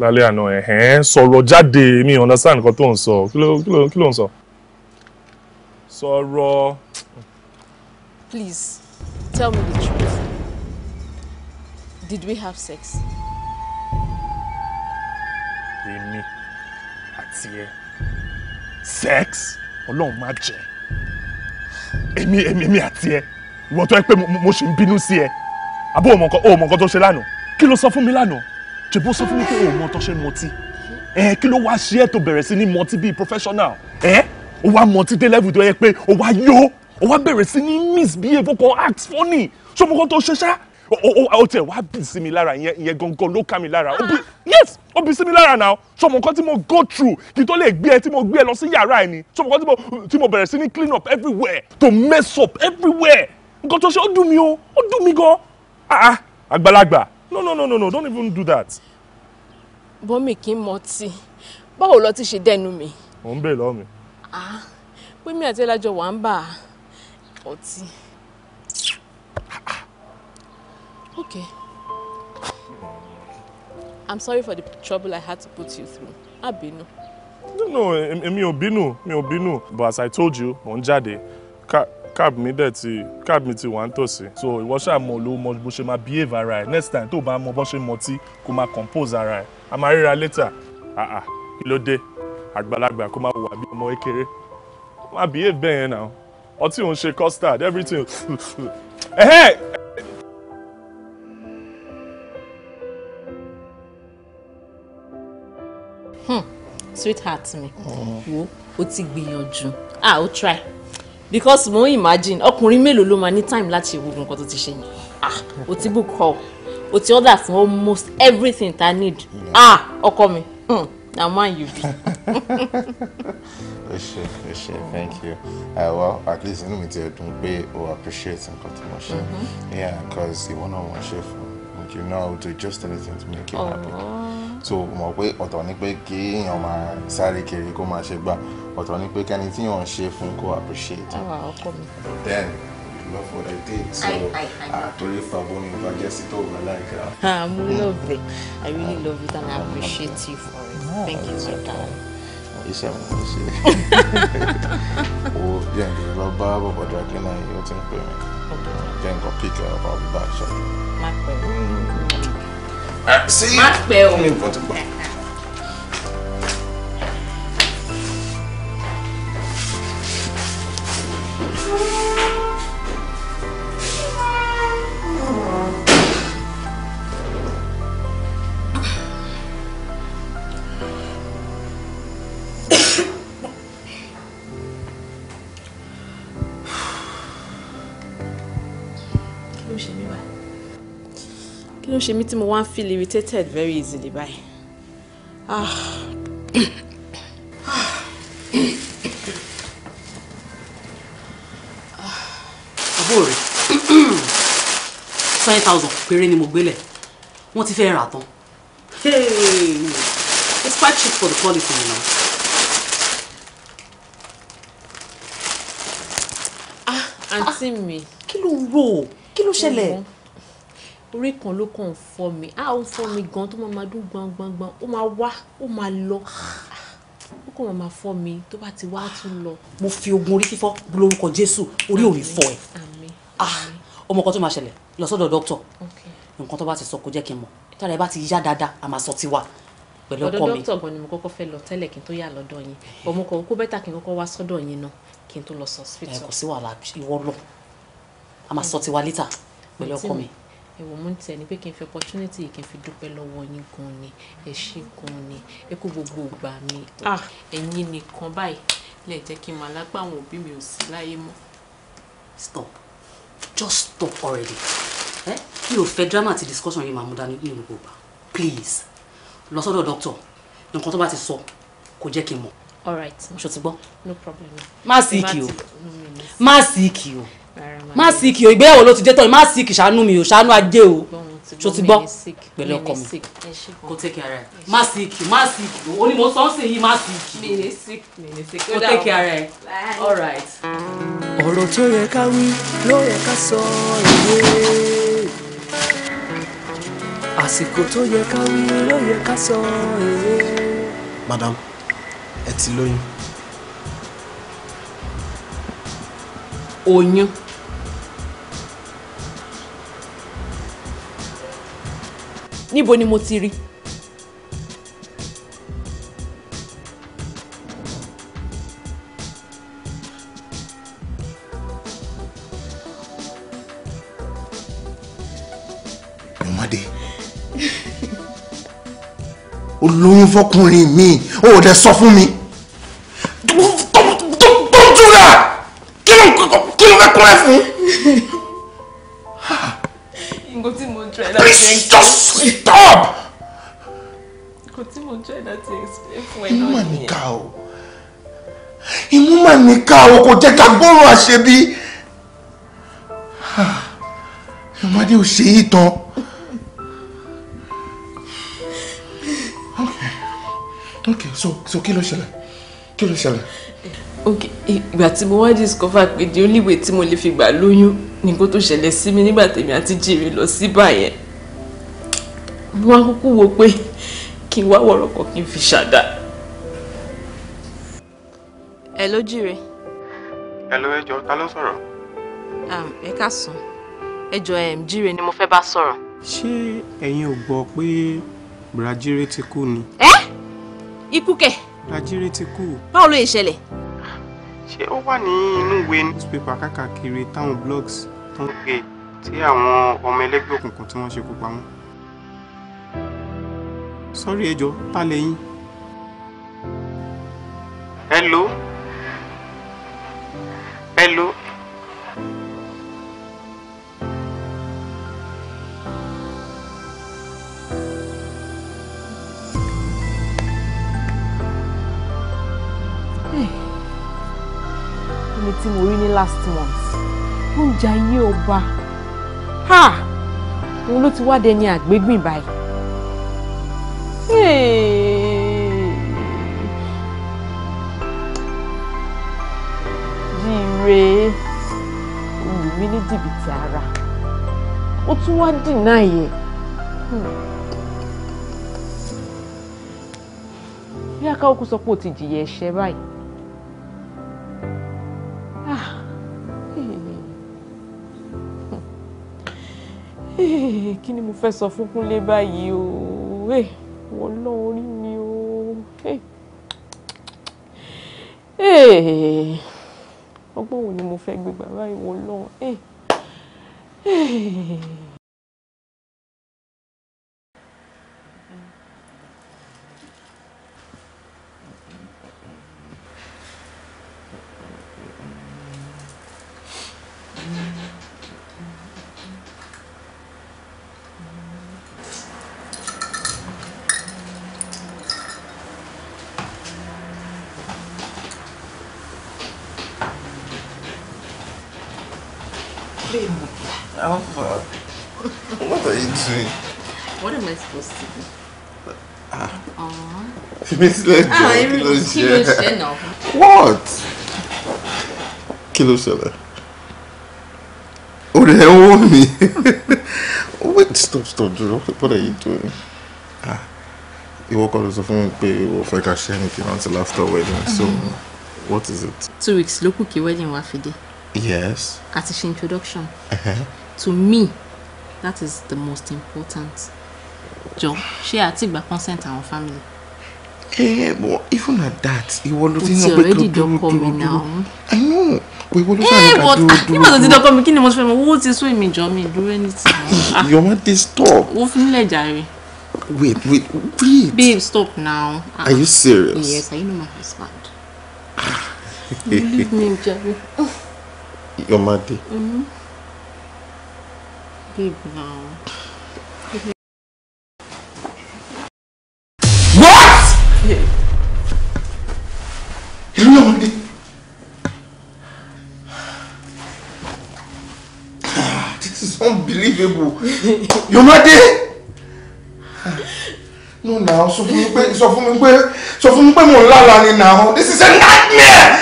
lálẹ́ àná ẹ̀hẹ́n sọ̀rọ̀ jáde mi understand nǹkan tó ń sọ kí ló ń sọ. sọ̀rọ̀. please tell me the truth did we have sex. èmi àti ẹ sex ọlọ́run má jẹ́ èmi èmi èmi àti ẹ ìwọ tó yẹ pé mo ṣì ń bínú sí ẹ àbó òmò nǹkan òmò nǹkan tó ṣe lánàá kí ló sọ fún mi lánàá ṣèbó sọ fún mi pé òmò tó ṣe mọtí ẹ kí ló wá ṣe ẹ tó bẹ̀rẹ̀ sí ní mọtí bíi professional ẹ ó wá mọtí dé level tó yẹ pé ó wá yó ó wá bẹ̀rẹ̀ sí ní misbehave ó kàn act funny ṣọmọkàn tó ṣe ṣáá ó tẹ̀ wá bì sí mi lára ìyẹn ìyẹn gangan ló ká mi lára ó bì yes obi bì sí mi lára náà sọmọ nǹkan tí mo go through kí tó lè gbé ẹ tí mo gbé ẹ lọ sí yàrá ẹ ni sọmọ nǹkan tí mo bẹ̀rẹ̀ sí ní clean up everywhere to mess up everywhere nǹkan tó ṣe ó dùn mí o ó dùn mí gan ah, ah àgbàlagbà no no no no no don't even do that. bọ́mì kì í mọtí báwo lọ ti ṣe dẹnu mi. ò ń bè lọ́ọ̀ mi. ah pé mi àti ẹlájọ wà ń bà ọtí. Okay. I'm sorry for the trouble I had to put you through. Abinu. No, no, èmi ò bínú, mi But as I told you, on ń Cab me that, ti cab me to wà ń So it was a molu, mọ bó ṣe máa behave Next time tó o bá mọ bó ṣe mọtí kó compose ara ẹ̀. A máa later. Ah ah, kí de. dé? kuma kó máa wà bí ọmọ kékeré. Má behave bẹ́ẹ̀ yẹn náà. Ọtí òun custard everything. Hey. Hmm. sweetheart mi wo o ti gbìyànjú ah o try because mo imagine ọkùnrin mélòó ló máa ní time láti ìwúgun nǹkan tó ti ṣe yẹn ah o ti book call o ti order fún almost everything ta need ah ọkọ mi hmm, na man you be. o ṣe thank you uh, well at least inú mi ti dùn pé o appreciate nǹkan tí mo ṣe mm-hmm. yeah because ìwọ náà mo ṣe fún you know I will do just anything to make you happy so mọ̀ pé ọ̀tọ̀ ni pé kí èèyàn máa sáré kiri kó máa ṣe gbà ọ̀tọ̀ ni pé kẹ́ni tí èèyàn ṣe fún kó appreciate. àwa ọkọ mi. then love for the day so àtòrí fàbọ ni ìgbà jẹ́ sí tó wà láìka. i'm love it i really ah. love it and i appreciate you for it ah, thank you so much. iṣẹ́ mi ló ṣe o jẹ́ ǹkan lọ bá bọ̀bọ̀ dàgbé náà yóò ti ń pè mí jẹ́ ǹkan píkẹ́ ọ̀pá bíbá ṣọ́ọ̀. má pẹ̀lú. Mm má pẹ́ o. ń ṣe mí tí mo wá ń feel irritated very easily báyìí. Ah. àbúrò rẹ̀ twenty thousand péré ni mo gbélẹ̀ wọ́n ti fẹ́ rà tán. It's quite cheap for the quality you know. àǹtí ah, ah, mi. kí ló ń rò kí ló ṣẹlẹ̀. Mm-hmm orí kan ló kàn ń fọ́ mi á ó ń fọ́ mi gan tó máa máa dún gbangban ó máa wá ó máa lọ ó kàn máa fọ́ mi tó bá ti wá tún lọ. mo fi oògùn orí fífọ́ lórúkọ jésù orí ò ní fọ́ ẹ ah, ọmọ kan tó máa ṣẹlẹ̀ lọ sọ́dọ̀ dókítọ̀ nǹkan tó bá ti sọ kó jẹ́ kí n mọ̀ tára ẹ bá ti yá dáadáa a máa sọ tiwa pẹ̀lú ọkọ mi. ọ̀dọ̀ dókítà gan ni mo kọ́kọ́ fẹ́ lọ tẹ́lẹ̀ kí n tó yà lọ́dọ̀ yín ọmọ kan kó bẹ́tà kí n kọ́kọ́ wá sọ́dọ̀ yín náà kí n tó lọ sọ hospital. ẹ kò sí wàhálà ìwọ lọ a máa sọ tiwa lítà pẹ̀lú ọkọ mi ẹ̀wọ̀ mú tẹ̀ ní pé kí n fi opportunity kí n fi dúpẹ́ lọ́wọ́ yín gan ni ẹ ṣé gan ni ẹ kú gbogbo ìgbà mi ah. ẹ̀yin nìkan báyìí lè jẹ́ kí n máa lápá àwọn òbí mi ò sí láyé mọ́. stop just stop already eh? mi ò fẹ́ drama àti discussion yìí máa mú dání ní gbogbo ìgbà please lọ sọ́dọ̀ doctor nǹkan tó bá ti sọ kò jẹ́ kí n mọ̀. all right mo ṣe ti gbọ́. no problem. má sí ìkì o má sí ìkì o má síkì o ìgbéyàwó ló ti dé tán má síkì ṣàánú mi o ṣàánú ajé o ṣó ti gbọ́ pẹ̀lú ọkọ mi kò tẹ́kì ara ẹ̀ má síkì má síkì o onímọ̀ sọ́ọ̀sì yìí má síkì kò tẹ́kì ara ẹ̀ all right. ọ̀rọ̀ tó yẹ ká wí ló yẹ ká sọ ìwé àsìkò tó yẹ ká wí ló yẹ ká sọ ìwé. madam ẹ ti lóyún. oyún. níbo ni mo ti rí. ọmọdé olóyún fọkùnrin mi ò dẹ sọ fún mi. fẹ́ kúnlẹ̀ fún. nǹkan tí mo jẹ́ láti explain. please just stop. nǹkan tí mo jẹ́ láti explain fún ẹ náà nìyẹn. ìmú mà níkà o ìmú mà níkà o kò jẹ́ ká gbóòrò àṣebí. ìmọ̀dé ò ṣe é tán. okay okay so so kí ló ṣẹlẹ̀ kí ló ṣẹlẹ̀ ok ìgbà tí mo wá discover pé the only way tí mo lè fi gbà lóyún ni kó tó ṣẹlẹ̀ sí mi nígbà tèmi àti jèrè lọ sí báyẹn mo wá kúkú wo pé kí n wá wọ̀rọ̀ kan kí n fi ṣàdá. ẹ ló jìrè. ẹ ló ẹjọ ta ló sọ̀rọ̀. Ah, ẹ ká sùn ẹjọ jìrè ni mo fẹ́ bá sọ̀rọ̀. ṣé ẹ̀yin ò gbọ́ pé bùràjírè ti kú ni. ẹ eh? ikú kẹ. bùràjírè ti kú. báwo ló yẹ ṣẹlẹ̀ ṣé ó wà ní inú ìwé newspaper kákàkiri táwọn blogs tó ń gbé tí àwọn ọmọ ẹlẹ́gbẹ́ òkùnkùn tí wọ́n ṣekú pa wọ́n. sọ́rí ẹjọ́ ta lẹ́yìn. hello hello tí mo rí ní last month oúnjẹ ayé ọba ha òun ló ti wá dẹni àgbégbìn báyìí. jíire olùmí ní jìbìtì ara ó tún wá dìnnà yẹ. Hmm. bí akáwọ́kú sọ pé ó ti jìyà ẹ̀ṣẹ̀ báyìí. Eh, kí ni mo fẹ́ sọ fún Kúnlé báyìí o eh, wọ́n lọ orí mi o. Eh. ọgbọ́n wo ni mo fẹ́ gbé bàbá ìwọ lọ́wọ́. mi sílẹ̀ jọ kí ló what Kilo ló Oh o rẹ̀ ń wait stop stop dúró what are you doing ah ìwọ woke up sọ fún mi pé ìwọ fẹ́ ká ṣe anything until after wedding mhm. so what is it. two weeks Local kù wedding wa fi dé. yes. At his introduction. Uh-huh. to me that is the most important. job. She àti gba consent our family. Eh, but even at that, ìwọ ló ti yan pé dúró dúró dúró. I know. we ìwọ ló sáré eh, ká dúró dúró. Nígbà tó ti dọ́kọ́ mi, kí ni mo fẹ́ mọ? Owó ti sún èmi jọ mi dúró ní ti. Your man dey stop. Wo fi Wait, wait, wait. Babe, stop now. Uh, Are you serious? Yes, I know my husband. you leave me, Jerry. Your man dey. Mm-hmm. Babe, now. èmi náà dé. this is unbelievable Yomade no na sọ fún mi pé sọ fún so pé sọ fún mi pé mo ń lára ni now this is a nightmare.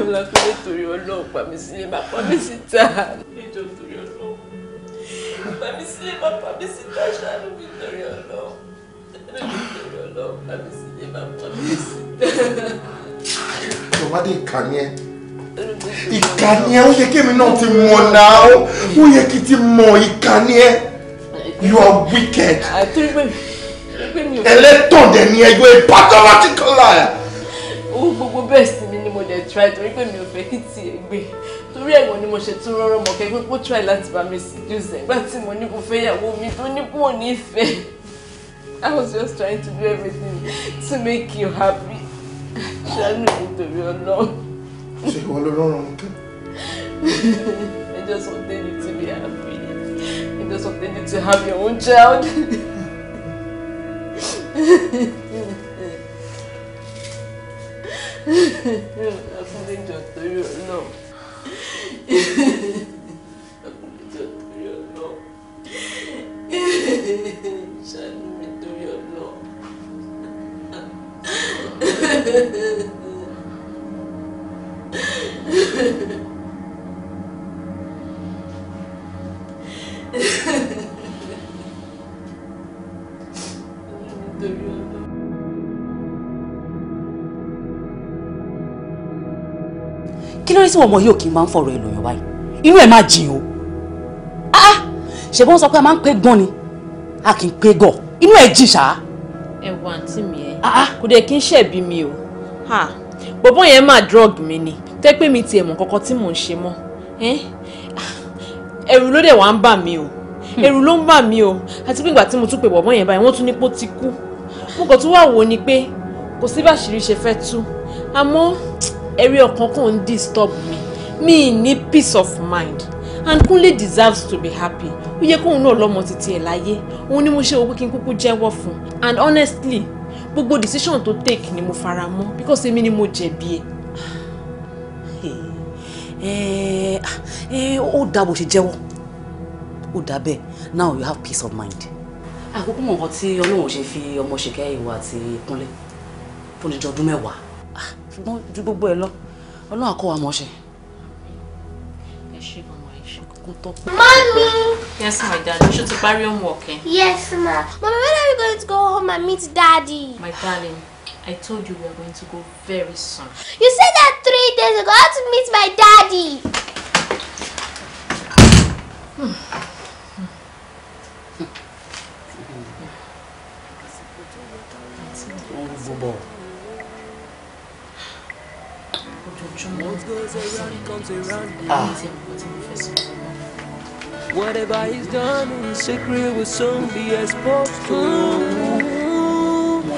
ọlọ́pàá torí Ọlọ́run pa mí sílé má pa mí síta nítorí Ọlọ́run pa mí sílé má pa mí síta ṣáà ló fi torí Ọlọ́run. Tọ́wádé ìkànnì ẹ. Ìkànnì ẹ ó yẹ kémi náà ti mọ̀ náà ó ó yẹ kí ti mọ̀ ìkànnì ẹ. You are wicked. Ẹlẹ́tàn dẹ̀ ni ẹgbẹ́ pathological liar. Owó gbogbo bẹ́ẹ̀ sí mi ni mo dẹ̀ try torí pé mi ò fẹ́ kí ti ẹ̀ gbé torí ẹ̀wọ̀n ni mo ṣe tún rọ́rọ́ mọ̀kẹ́ pé kó try láti bá mi seduce ẹ̀ gbà tí mo ní kó fẹ́ yàwó mi tó ní kó nífẹ̀ẹ́. I was just trying to do everything to make you happy. Ṣáánú nítorí to be alone. ló rọrùn mú kí? I just wanted you to be happy. I just wanted you to have your own child. to Akúndéjọ torí ọlọ́run. Akúndéjọ to ọlọ́run. alone kí ló rí sí ọmọ yìí ò kí n máa ń fọ̀rọ̀ ẹlòyàn báyìí inú ẹ̀ máa jìn o ah, ah! ṣe bọ́n sọ pé a máa ń pé gbọ́n ni a kì í pé gọ̀ inú ẹ̀ jìn ṣáá. ẹ àǹtí mi Ah, kò dẹ̀ kí n ṣẹ̀bi mi o bọ̀bọ̀ yẹn máa drug mi ni tẹ́ pé mi tiẹ̀ mọ̀ kankan tí mò ń ṣe mọ́ ah, ẹ̀rù ló dẹ̀ wá ń bà mí o hmm. ẹ̀rù ló ń bà mí o àti pé ìgbà tí mo tún pè bọ̀bọ̀ yẹn báyìí wọ́n tún ní pé ó ti kú mo kàn tún wà wò ni pé kò sí bàṣírí ṣe fẹ́ tú àmọ́ ẹ̀rí ọkàn kan ń disturb mi mi ní peace of mind and Kunle deserves to be happy ó yẹ kóun náà lọ́mọ títí ẹ̀ láyé òun ni mo ṣe òwe kí n kúkú jẹ́wọ́ fún and honestly gbogbo decision to take ni mo fara mọ́ because èmi ni mo jẹ̀bi ẹ eh, eh, eh, ó dà bó ṣe jẹ́wọ́ ó dà bẹ́ẹ̀ now you have peace of mind. àkókò mọ̀ nǹkan tí ọlọ́run ṣe fi ọmọ ṣèkẹ́ ìwà àti ìkúnlẹ̀ fún ìjọ ọdún mẹ́wàá. Ah, ṣùgbọ́n ju gbogbo ẹ lọ ọlọ́run àkọ́wà mọ́ ṣe kó Mommy! Yes, my darling. Ṣé should ti parí homework ẹ? Yes, ma. Mommy, when are we going to go home and meet daddy? My darling, I told you we are going to go very soon. You said that three days ago. I to meet my daddy. Hmm. Bobo. ṣùgbọ́n Whatever he's done in secret will soon be exposed to.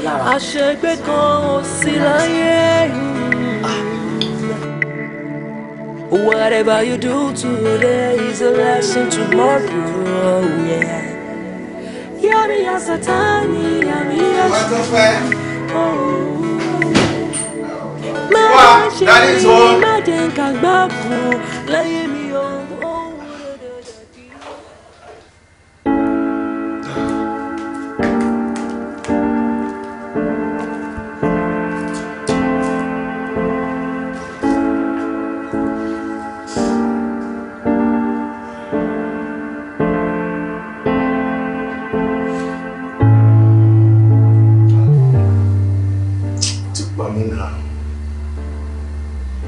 Ah. Àṣegbé kan ah. ò sí Whatever you do today is a lesson tomorrow. Yeah. Yọ̀rí àṣà tá a tiny. àmì ẹ̀ṣẹ̀. Ọ̀pẹ́ tó wá dání sọ. má jẹ́ nǹkan gbà kú láyé mi ò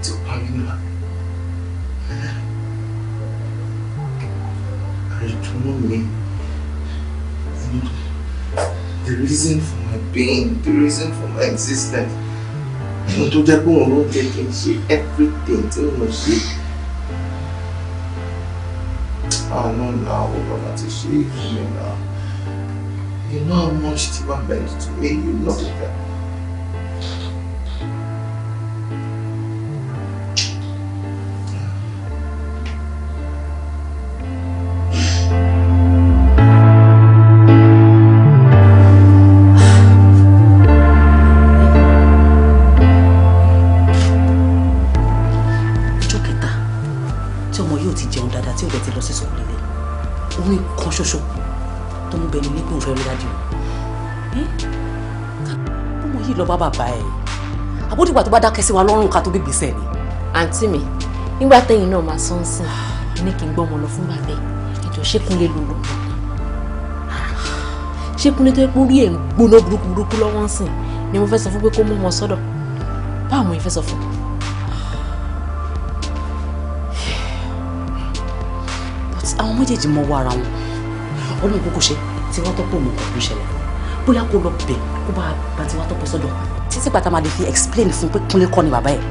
tí ó parí náà àìdùnnú mi the reason for my being the reason for my existence ohun tó jẹ́ pé òun ló jẹ́ kí n ṣe everything tí mo ṣe àánú náà ó bàbá ti ṣe ìfún mi náà you know how much ti wà meant to me you know that. bá dákẹ́ sí wa lọ́rùn ká tó gbègbè sẹ́ẹ̀ ni. àǹtí mi nígbà tẹ́yìn náà máa sọ ń sìn ní kí n gbọ́ ọmọ lọ fún bàbá ẹ̀ ètò ṣékúnlé ló lọ. ṣékúnlé tó yẹ pé orí ẹ̀ ń gbóná burúkú burúkú lọ́wọ́ ń sìn ni mo fẹ́ sọ fún pé kó mú wọn sọ́dọ̀ báwo ni mo fẹ́ sọ fún un. àwọn méjèèjì mọ wọ ara wọn ọlọ́run kò kò ṣe tiwátọ́pọ̀ mọ̀ kò ṣẹlẹ̀ bóyá kó lọ bẹ̀ kó bá tiwátọ́pọ̀ sọ́dọ̀ títí pàtàkì máa lè fi explain fún pé Kúnlé kọ́ ni bàbá ẹ̀.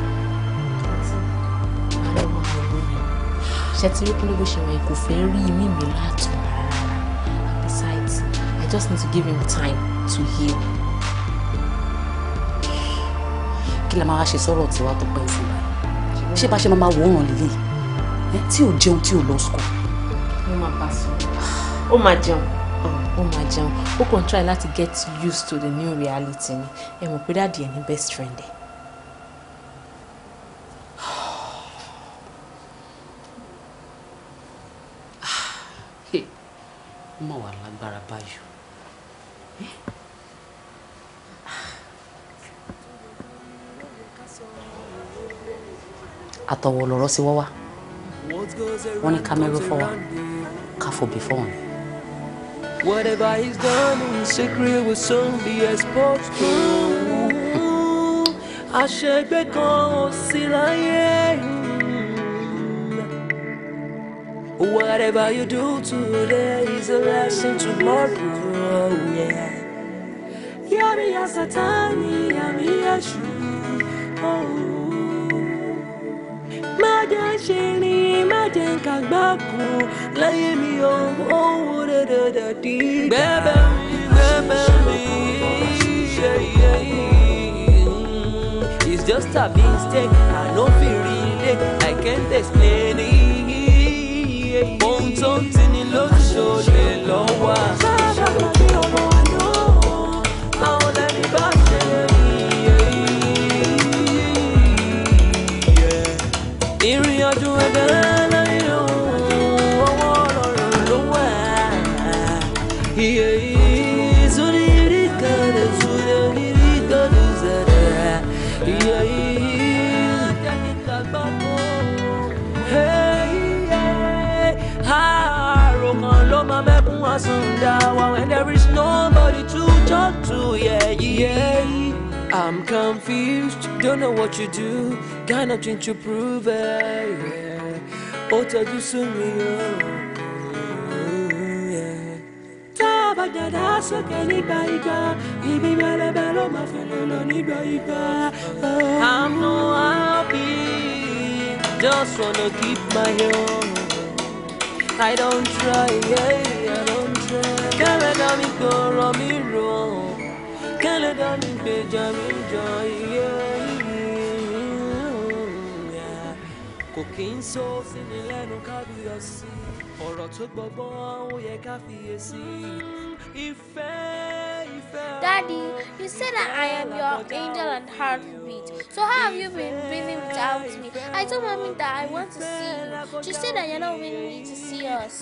ṣe ti rí Kúnlé bó ṣe wọ̀nyí kò fẹ́ rí imí mi látọ̀ rárá besides I just need to give him time to heal. kí la máa ṣe sọ̀rọ̀ tiwa tó pẹ́ fún wa ṣé bá ṣe máa wò ó ràn tí ò jẹun tí ò lọ sùkọ́. ó máa bá sọ ó máa jẹun ó máa jẹun ó kàn try láti get used to the new reality ni ẹ mọ̀ pé dáàdì ẹ̀ ní best friend ẹ̀. ó mà wà lágbára báyìí. àtọ̀wọ̀ lọ̀rọ̀ sí wọ́wá wọ́n ní ká mẹ́rọ fọ́wá ká fòbí fọ́ọ̀nù. Whatever he's done in secret will soon be exposed to. Àṣegbé kan ò sí Whatever you do today is a lesson tomorrow. Yeah. Yami ya Satani, yami ya Shu. Oh. Madashini. má jẹ́ ń gbáko láyé mi owó dẹ̀dẹ̀dẹ̀ dì í. mi gbẹ́bẹ̀ mi ṣe iye yìí it's just a mistake i no fit relate i can't explain it. ohun tó ń tini lójú ṣòlè lọ́wọ́. gay. I'm confused, don't know what you do. Got nothing to prove it. Eh, yeah. Oh, tell you soon, oh, yeah. Taba da da so can he be better, better, my fellow, no need buy ga. I'm no happy, just wanna keep my own. I don't try, yeah, I don't try. Can't let me go, run me wrong. Canada mi gbèjà mi jọ iye kò kí n sọ sínú lẹ́nu kábíyèsí ọ̀rọ̀ tó gbọ́gbọ́n ó yẹ ká fiyèsí ìfẹ́. Daddy, you said that I am your angel and heartbeat. So how have you been breathing without me? I told mommy that I want to see you. She said that you're not willing to see us.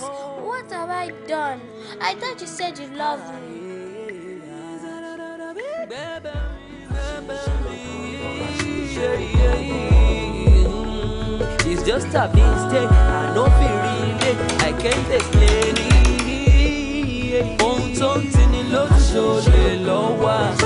What have I done? I thought you said you loved me. It's just a mistake, I no fit relate, I can't explain it. Ohun tó ń tini lójú the lowest.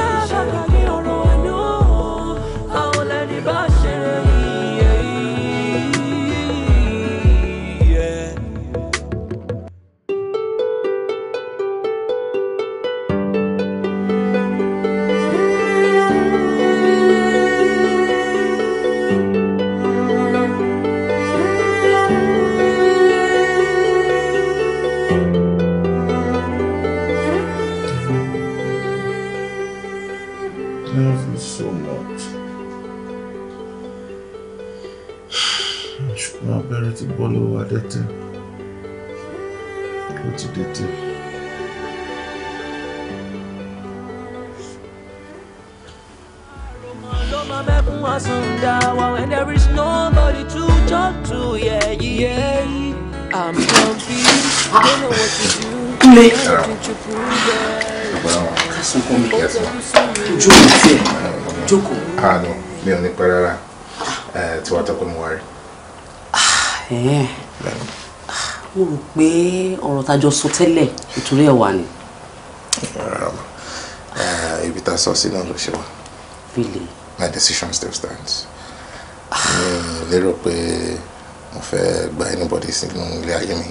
and there is nobody to talk to. Yeah, yeah. I'm confused. Don't know what to do. Nothing to prove. Yeah. Sásùn kọ́ mi kẹsàn. Jókòó tẹ̀. Jókòó. Àánú mi ò ní pẹ́ rárá. Tí wàá tọ́kọ mi wá rí. Ah, eh. ah, mo rò pé ọ̀rọ̀ tájọ sọ tẹ́lẹ̀ ìtúrí ẹ̀ wà ni. Ibi tá a sọ sí náà ló ṣe Really? My decision still stands lérò pé mo fẹ́ gba anybody sínú ilé ayé mi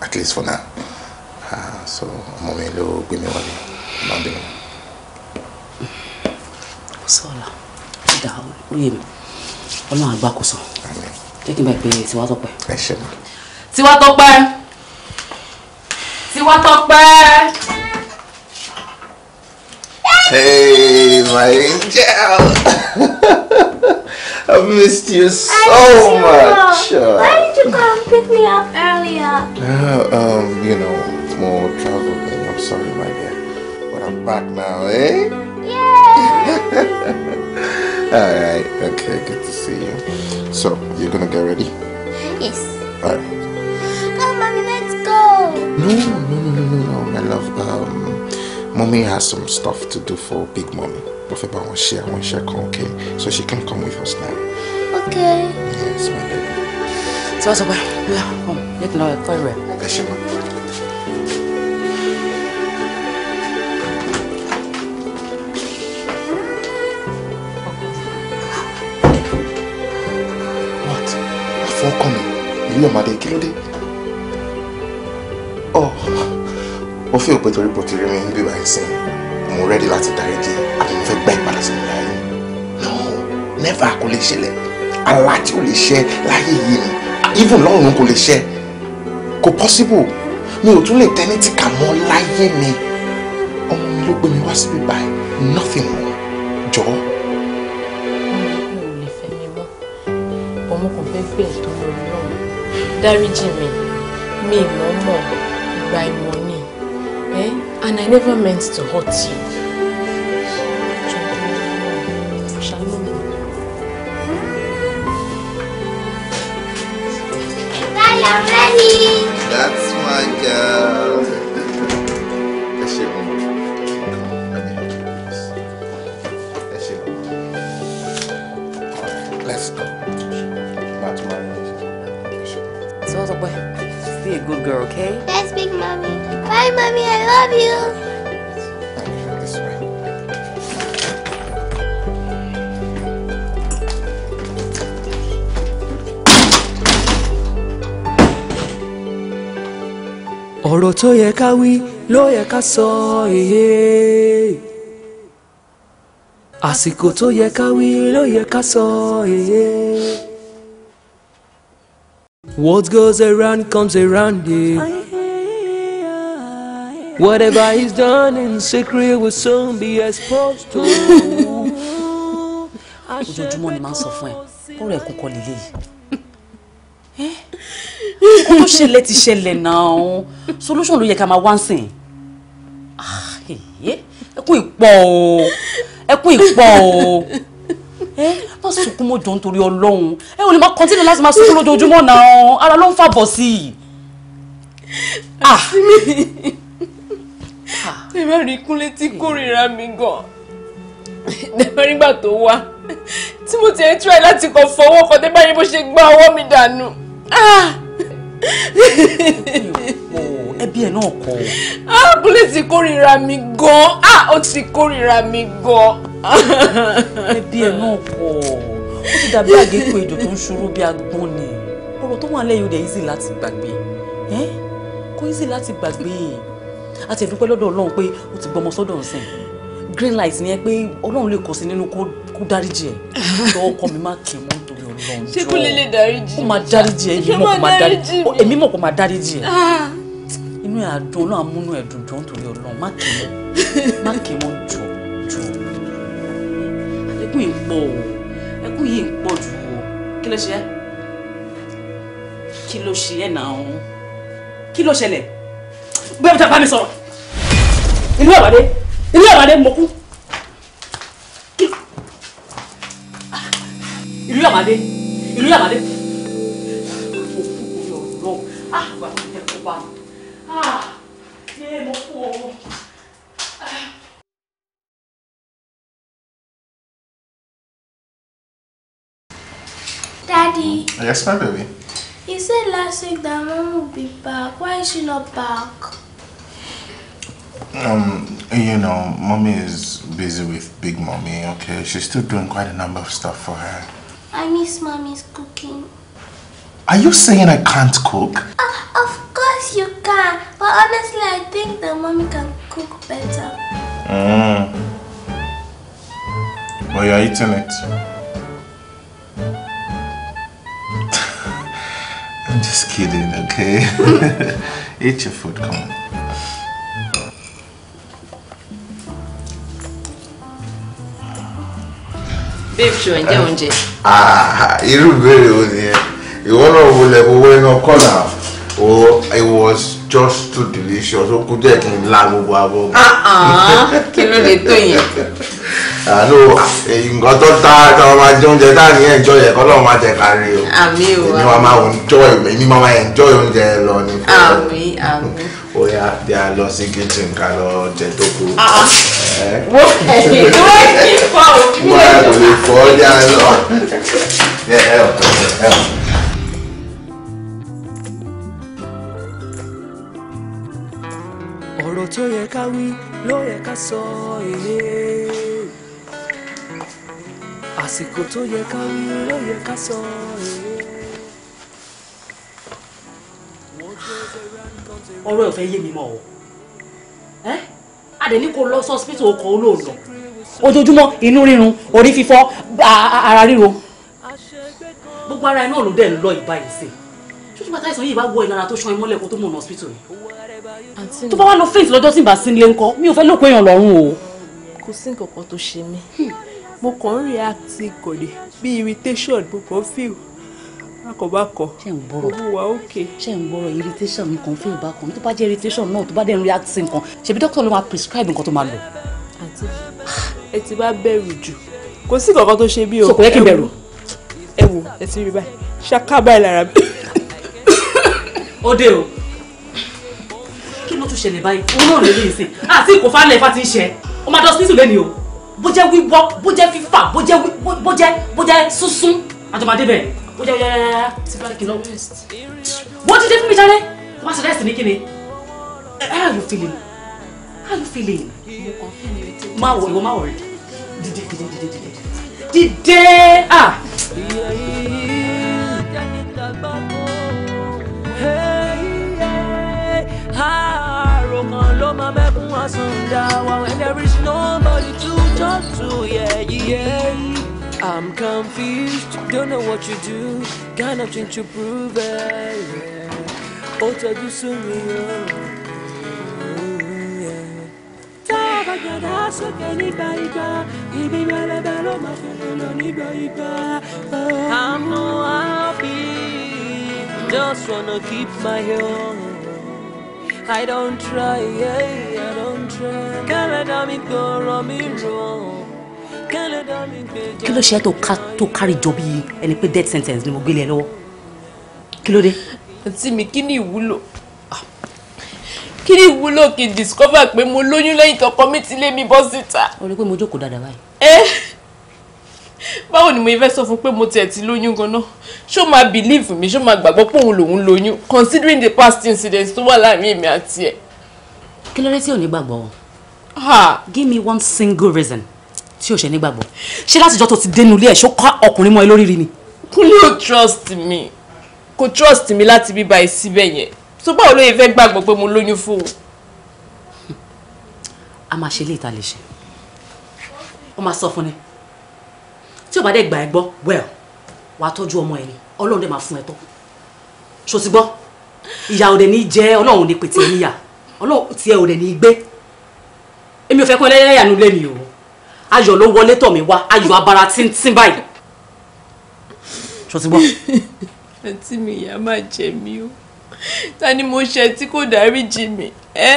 at least for now uh, so ọmọ mi ló gbé mi wọlé máa bínú. sọlá ìdá oyè mi ọlọ́run àgbà kò sàn jẹ́ kí n bá pe tiwa tọpẹ́. tiwa tọpẹ́ tiwa tọpẹ́. Hey, my angel. I've missed you so I much. You. Uh, Why did you come pick me up earlier? Uh, um, you know, more travel thing. I'm sorry, my dear. But I'm back now, eh? Yay! Alright, okay, good to see you. So, you're gonna get ready? Yes. Alright. Come, mommy, let's go. No, no, no, no, no, no, my love. Um, mommy has some stuff to do for Big Mommy. mo fẹ́ bá wọn ṣe àwọn iṣẹ́ okay so she can come with us now. okay. yes my lady. So, wọ́n sọ pé bóyá ọ̀hún ní know n lọ ẹ̀kọ́ she? ẹ what àfọkàn mi ìlú ọmọdé kí ló dé. ọ oh, mo fi òpin torí bó ti rí mi ń bí wàá ń sìn to rẹ́dí láti never kò lè ṣẹlẹ̀ àlá tí ò lè ṣẹ láyé yìí ni even lọ́run kò lè ṣẹ kò possible mi ò tún lè tẹ́ni tí kà mọ́ láyé mi ọmọ mi ló gbé mi wá síbí báyìí nothing more jọ̀ọ́. mi ò lè fẹ́ mi mọ́ ọmọ kò fẹ́ bẹ́ẹ̀ tó lọ lọ́wọ́ dáríjì mi mi ìmọ̀ mọ̀ ìgbà ìmọ̀ ni eh? and I never meant to hurt you. tó yẹ ká wí ló yẹ ká sọ èyí. àsìkò tó yẹ ká wí ló yẹ ká sọ èyí. What goes around comes around you. Whatever he's done in secret will soon be exposed to. ojoojúmọ́ ni máa ń sọ fún ẹ ó rẹ̀ kókó lélẹ́yìí tó ṣẹlẹ̀ ti ṣẹlẹ̀ náà solution ló yẹ ká máa wá sìn ah, eh, ẹkún ìpọ o ẹkún ìpọ o ẹ má sunkún mọ́ jọ nítorí Ọlọ́run ẹ ò lè máa kọtínú láti máa sunkún lójoojúmọ́ náà ara ló ń fàbọ̀ sí i. tẹ̀mẹ́ ah. ah. rí kúnlé tí kórìíra mi gan tẹ̀mẹ́ nígbà tó wá tí mo ti ẹ̀ tíráì láti kàn fọwọ́ kan tẹ́mẹ́ rí bó ṣe gbá ọwọ́ mi dànù. Hmm. ẹbí ẹ náà kọ. abúlé ah, ti kórìíra mi gan ah ó ti kórìíra mi gan-an. ẹbí ẹ náà kọ ó ti dàbí àgékù ejò tó ń ṣòro bí agbọ́n ni ọ̀rọ̀ tó wà lẹ́yìn rẹ̀ easy láti gbàgbé kò easy láti gbàgbé àti ìdúpẹ́ lọ́dọ̀ ọlọ́run pé ó ti gbọmọ sọ́dọ̀ ọ̀sìn green light ni ẹ pé ọlọ́run lè kọ̀ sí nínú kó dáríjì ẹ̀ lọ́wọ́ kọ́ mi má kì í mọ́ lọ́njọ́ ṣé kò lè lè dáríjì ó máa dáríjì ẹ èmi mọ̀ kó máa dáríjì èmi mọ̀ kó máa dáríjì ẹ ah. inú ẹ̀ àdùn ọlọ́run amúnú ẹ̀ dùn jọ́ nítorí ọlọ́run má kì í mọ́ má kì í mọ́ jù jù àlékún yìí o ẹkún yìí ń pọ̀ o kí ló kilo ẹ́ kí ló ṣe ẹ́ náà ọ̀hún kí ló ṣẹlẹ̀ bóyá bí tá a bá mi sọ̀rọ̀ ìlú ìlú yàmàdé ìlú yàmàdé. Ah, bah, je ne pas. Ah, c'est mon pauvre. Daddy. Yes, my baby. You said last week that mom would be back. Why is she not back? Um, you know, mommy is busy with big mommy, okay? She's still doing quite a number of stuff for her. I miss mommy's cooking. Are you saying I can't cook? Uh, of course you can. But honestly, I think that mommy can cook better. Mm. But you're eating it. I'm just kidding, okay? Eat your food, come on. babe ṣò ń jẹ oúnjẹ. Ah, irú ìbéèrè wo nìyẹn ìwọ náà wo lẹ owó iná kọ́nà o it was just too delicious ó kú díẹ̀ kí n la gbogbo abọ́. Uh-uh. kí ló lè tó yẹn. àló ah, ah, nǹkan tó ta táwọn máa jẹ oúnjẹ táà ní enjoy yẹ kọ́ lọ́wọ́ máa jẹ kárí o. èmi máa enjoy èmi máa enjoy oúnjẹ lọ ní. àmì àmì bóyá bí a lọ sí kitchen ká lọ jẹ tó kú. wo ẹ̀yìn ló ń kí fọ ojú ẹ̀. bóyá kò lè fọ́ bí a lọ. ẹ ẹ ẹ ẹ. ọ̀rọ̀ tó yẹ ká wí ló yẹ ká sọ èyí. àsìkò tó yẹ ká wí ló yẹ ká sọ èyí. wọ́n jẹ́ ẹgbẹ́ rẹ̀ ọ̀rọ̀ ẹ̀ ò fẹ́ yé mi mọ́ o ẹ́ adẹ̀ ní kò lọ sọ́spítù ọkọ̀ olóòlù ojoojúmọ́ inú rírun orí fífọ́ ara ríro gbogbo ara iná ló dẹ̀ ń lọ ìbá yìí sí ṣùgbọ́n bàtà ìsàn yìí bá wọ ìlara tó ṣan ìmọ́lẹ̀ kó tó mọ̀ ní hospital yìí tó bá wà lọ faint lọ́jọ́ tí n bá sí ilé ńkọ́ mi ò fẹ́ lóko èèyàn lọ́rùn o. kò sí nǹkan kan tó ṣe mí mo kàn ń react kò lè bí irritation mo kàn ń feel Ah, bákọ̀bákọ̀ ṣe ń gbọ́rọ̀ olúwa òkè ṣe ń gbọ́rọ̀ irritation mi kàn fún ìbá kan tó bá jẹ́ irritation náà tó bá dẹ̀ ń react sí nǹkan ṣebí dókítà ló máa prescribe nǹkan tó máa lò. àti ẹ ti bá bẹ̀rù jù kò sí kankan tó ṣe bí o. sọ kò yẹ kí n bẹ̀rù. ẹ wo ẹ ti rí báyìí ṣaká báyìí lára mi. ó dé o kí ló tún ṣẹlẹ̀ báyìí òun náà lè rí ìsìn àti ìkófálẹ̀ ifá ti ń ṣe ó máa dọ́sítì lẹ́ni o bó jẹ́ wíwọ́ bó jẹ́ fífà bó jẹ́ súnsún àjọmọdé bẹ́ẹ̀ ó jẹ́ yára yára ti bá kìlọ̀ wọ́n ti dé fún mi jálẹ̀ wọ́n ti rest ní kíni eh, how you feeling how you feeling má wọ ìwọ má wọ rẹ dìde dìde dìde dìde dìde ah. Arrogant, love my back, and there is nobody to talk to, yeah. I'm confused, don't know what you do, got nothing to prove it. Yeah. Oh, tọ́jú sún mi o. Tá a bá gbàdá sókè nígbà ìgbà, ibi mẹlẹbẹ ló máa fi lò nígbà ìgbà. I'm no happy, just wanna keep my own. I don't try, yeah, I don't try. Can't Kẹ́lẹ́dá mi gbọ́rọ̀ mi rọ̀. kí ló ṣe tó kárí jọ bí ẹni pé death sentence ni mo gbélé ẹ lọ́wọ́ kí ló dé. àǹtí mi kí ni ìwúlò ah, kí ni ìwúlò kí n discover pé mo lóyún lẹ́yìn tọkọ mi ti lé mi bọ́ síta. o rí i pé mo jókòó dáadáa báyìí. ẹ báwo ni mo fẹ́ sọ fún pé mo tiẹ̀ ti lóyún gan ṣó máa believe mi ṣó máa gbàgbọ́ pé òun lòun lóyún considering the past incidents tó wà láàrin èmi àti ẹ̀. kí ló dé tí ò ní gbàgbọ́ o. give me one single reason tí ò ṣe nígbàgbọ́ ṣé látijọ́ tó ti dénú ilé ẹ̀ ṣó ká ọkùnrin mọ́ ẹ lórí rí ni. kúnlé ò trust mi kò trust mi láti bíbá ẹ síbẹ̀ yẹn tó báwo ló yẹ fẹ́ gbàgbọ́ pé mo lóyún fún un. a máa ṣe ilé ìta lè ṣe ó máa sọ fún ni tí o bá dẹ̀ gbà ẹ gbọ́ well wàá tọ́jú ọmọ ẹ ni ọlọ́run dẹ̀ máa fún ẹ tọ́ ṣó ti gbọ́ ìyá òde ní jẹ́ ọlọ́run ò ní pètè níyà ọlọ́run tiẹ̀ òde ní gbé èmi ò fẹ́ kọ́ ẹlẹ́yà nílé mi o ayọ̀ ló wọlé tọ̀ mí wá ayọ̀ abara tíntín báyìí. ṣọtí gbọ́. àǹtí mi ìyá máa jẹ mí o ta ni mo ṣe tí kò dáríjì mi ẹ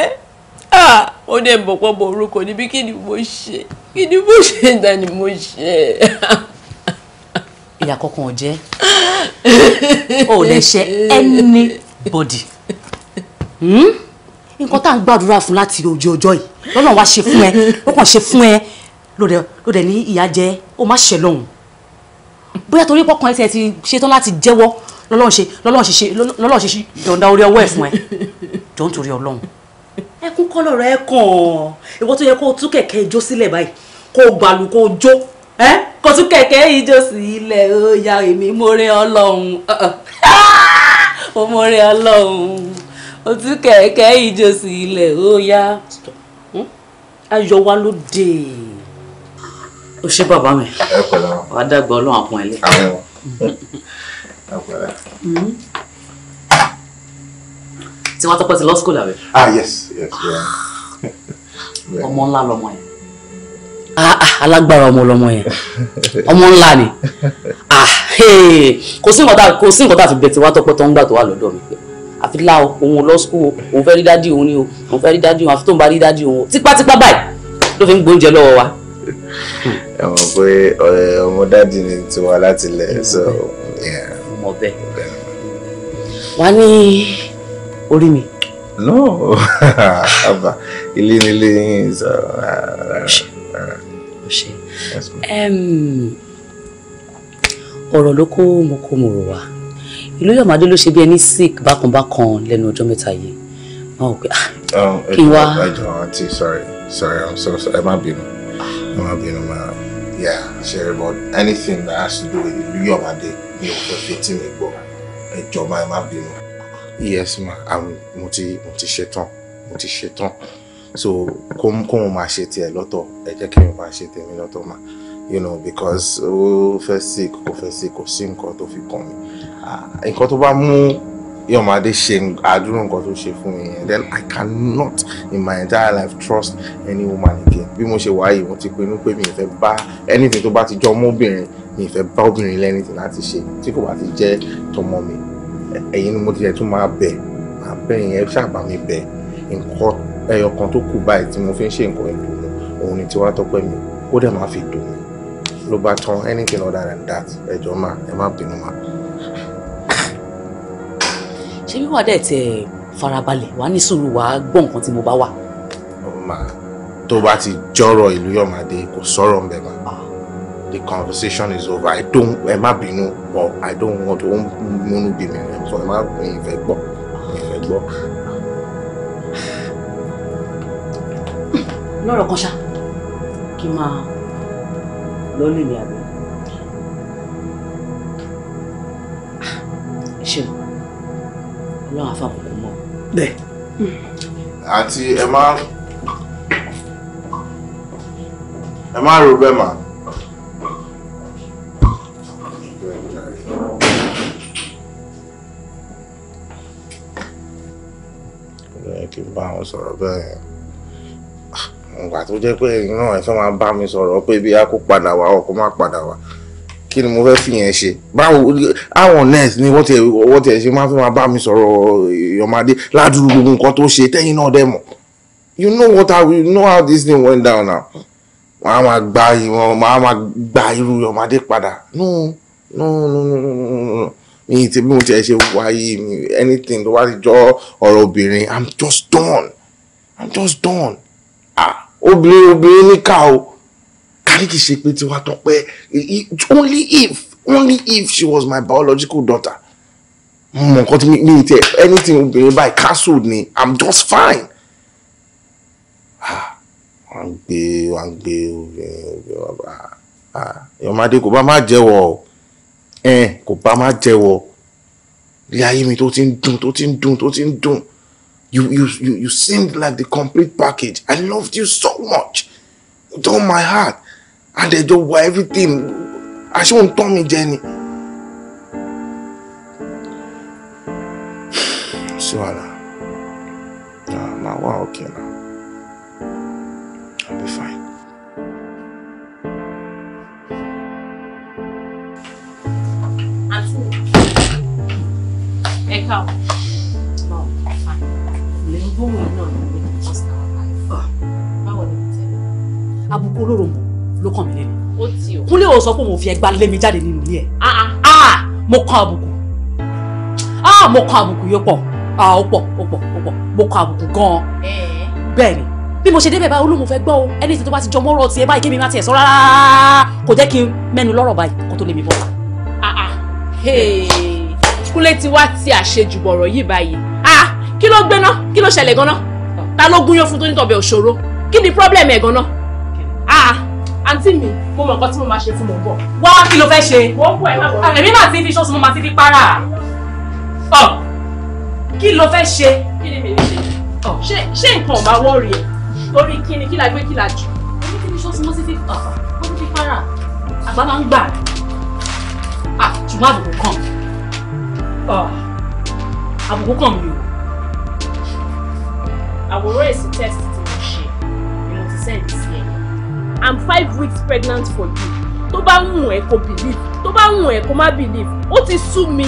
ó dẹ̀ bọ̀ pọ̀ bọ̀ orúkọ níbi kí ni mo ṣe kí ni mo ṣe ta ni mo ṣe. ìyá kankan ò jẹ́ ò lè ṣe anybody hmm? nǹkan tá à ń gbàdúrà fún láti ojú ọjọ́ yìí lọ́nà wá ṣe fún ẹ ó kàn ṣe fún ẹ ló dẹ̀ ní ìyá jẹ́ ó má ṣẹ̀ lọ́hùn bóyá torí pọ́kàn ẹsẹ̀ ti ṣetán láti jẹ́wọ́ lọ́lọ́run ṣe lọ́lọ́run ṣe lọ́lọ́run ṣe yọ̀ǹda orí ọwọ́ ẹ̀ fún ẹ jọ ń torí ọlọ́run. ẹkún kọ́lọ̀ rẹ kàn án ìwọ tó yẹ kó o tú kẹ̀kẹ́ ijó sílẹ̀ báyìí kó o gbàlù kó o jó kó o tú kẹ̀kẹ́ ijó sílẹ̀ ó ya èmi mo rẹ ọlọ́run ó mo rẹ ọlọ́run ó tú kẹ̀kẹ́ ijó sílẹ̀ ó ya hmm? ayọ̀ wa ló dé o ṣe bàbá mi wàá dàgbà ọlọ́run àpọ̀ ẹ̀ lé. Hmm? tí wọ́n tọ́pọ̀ sí law school àbẹ̀. ah yes yes ọmọ ńlá lọmọ yẹn. Ah, ah, alágbára ọmọ lọmọ yẹn ọmọ ńlá ni ah, kò sí nǹkan tá a fi bẹ̀ tí wọ́n tọ́pọ̀ tó ń gbà tó wà lọ́dọ̀ mi pé àfi lá òun lọ school òun fẹ́ rí dádì òun ni o òun fẹ́ rí dádì òun àfi tó ń bá rí dádì òun tipátipá báyìí ló fi ń gbóúnjẹ lọ́wọ́ wa ẹ mọ̀ pé ọmọ ni tiwa láti lẹ̀ so mọ̀ bẹ́ẹ̀. wà ní orí mi. no àbá ilé nílé yín sọ uh, uh, uh. ọ̀rọ̀ ló kó mọ̀kòmọ̀rọ̀ wá ìlú yọ̀mádé ló ṣe bí ẹni sick bákanbákan lẹ́nu ọjọ́ mẹ́ta yìí wọn ò pé ah, oh, kí n wá. ẹ jọ̀ọ́ aunty sorry sorry i'm so sorry ẹ má bínú ẹ má bínú máa yeah sure but anything that has to do with You you ìlú Yomade mi ò fẹ́ fetí mi gbọ́ ẹjọ́ máa má bínú. yes ma àwọn multi ti mo ti ṣetán mo ti ṣetán so kó kó mo máa ṣe tiẹ̀ lọ́tọ̀ ẹ jẹ́ kí mo máa ṣe tèmi lọ́tọ̀ ma you know because ó first sick kò fẹ́ sick kò sí nǹkan tó fi come? Ah, in tó bá mú Yomade ṣe àdúrà nǹkan tó ṣe fún mi yẹn then I cannot in my entire life trust any woman again bí mo ṣe wáyé mo ti pinnu pé mi ì bá anything tó bá ti jọ ọmọbìnrin mi ì fẹ́ bá obìnrin lẹ́nìtì láti ṣe tí kò bá ti jẹ́ tọmọ mi ẹ̀yin ni mo ti yẹ tún máa bẹ̀ máa bẹ̀ yẹn ṣàbà mi bẹ̀ nǹkan ẹyọ kan tó kù báyìí tí mo fi ń ṣe nǹkan ìdùnnú òun ni tiwa tọpẹ́ mi kó dẹ̀ máa fi dùn mí ló bá tán anything other than that ẹ̀jọ̀ máa ẹ má bínú máa ṣé wíwà dẹ̀ tẹ̀ farabalẹ̀ wà ní sùúrù wà gbọ́ nǹkan tí mo bá wà. ọmọ tó bá ti jọrọ ìlú yọmọdé kò sọ̀rọ̀ ńbẹ̀ mà ah. the conversation is over i don't ẹ má bínú but i don't want to múnú bí mi so ẹ má ìfẹ́ gbọ́ ìfẹ́ gbọ́. lọ́rọ̀ kan ṣá kí n máa lọ́ọ́ lè ní abẹ́. ọlọ́run àfàbùkù mọ́. bẹ́ẹ̀. àti ẹ má ẹ má ro bẹ́ẹ̀ mà. kí n bá wọn sọ̀rọ̀ bẹ́ẹ̀ yẹn ìgbà tó jẹ́ pé ẹ̀yin náà ẹ fẹ́ máa bá mi sọ̀rọ̀ pé bí a kó padà wá ọkọ̀ má padà wá kí ni mo fẹ́ fi yẹn ṣe báwo àwọn nurse ni wọ́n tiẹ̀ wọ́n tiẹ̀ ṣe máa fi máa bá mi sọ̀rọ̀ eh, ọmọdé ládùúgbò gbogbo nǹkan tó ṣe tẹ́yìn náà dẹ̀ mọ̀ you know what I you know how this thing went down now màá máa gba ìwọ̀n màá máa gba irú ọmọdé padà no no no no no no no mi ti bí mo tiẹ̀ ṣe wáyé mi anything tó bá ti jọ ọ̀rọ̀ obìnrin I'm just done I'm just done ah obìnrin obìnrin níkà o kárí ṣe pé tiwa tọpẹ only if only if she was my biological daughter mọ nǹkan mi tẹ anything obìnrin báyìí castled ni i'm just fine ah, wọ́n ń gbé wọ́n ń gbé obìnrin obìnrin wọ́n bá ọmọdé kò bá má jẹ́wọ́ ẹn kò bá má jẹ́wọ́ rí ayé mi tó ti ń dùn tó ti ń dùn tó ti ń dùn you you you you seemed like the complete package i loved you so much with all my heart And adẹjọ wa everything àṣé òun tán mi jẹ ni. sí wàhálà máa wà òkè náà I'll be fine. Ẹ̀ka ọ̀ mọ̀ ọ̀fà lè ń gbóhùn iná ní ìjọsìn àwọn àìfà báwo ni mo tẹ̀lé àbùkù olóró mọ̀ ló kàn mí lẹ́nu. ó ti o. kúnlẹ̀ ò sọ pé mo fi ẹgbàá lé mi jáde nínú ilé ẹ̀. ah, ah. ah, ah mo kan àbùkù ah mo kan àbùkù yóò pọ̀ ah ó pọ̀ ó pọ̀ ó pọ̀ mo kan àbùkù gan-an. bẹ́ẹ̀ ni bí mo ṣe débẹ̀ báyìí olóhùn fẹ́ gbọ́ o ẹni tí tó bá ti jọ mọ́rọ̀ tiẹ̀ báyìí kí mi má tiẹ̀ sọ rárá kò jẹ́ kí n mẹ́nu lọ́rọ̀ báyìí kó tó lè mi bọ́ta. kúnlẹ̀ ti wá ti àṣejùbọ̀rọ̀ yìí báyìí kí ló gbéná kí ló ṣẹlẹ̀ gan-an ta ló gúnyán fún tó ní tọ̀bẹ̀ òṣòro kí ni problem ẹ̀ gan-an àǹtí mi mo mọ̀ nǹkan tí mo máa ṣe fún mọ̀ bọ̀. wá kí ló fẹ́ ṣe. mo ń bọ̀ ẹ má bọ̀. èmi máa ti fi ṣọ́ọ̀ṣì mo máa ti fi para. ọ kí ló fẹ́ ṣe. kí ni mi ní ṣe. ṣé nǹkan ò máa wọ́ọ̀rì ẹ̀ torí kí ni kí la gbé kí la jù. èmi ti fi ṣọ́ọ̀ṣì mo ti fi mo ti fi para. àgbà máa ń gbà. ṣùgbọ́n àbùkù kàn àbùkù kàn mí o. àwòrán èsì test tí mo ṣe ni mo ti sẹ́ǹdì sí i'm five weeks pregnant for you tó bá wù ẹ́ kó believe tó bá wù ẹ́ kó má believe ó ti sú mi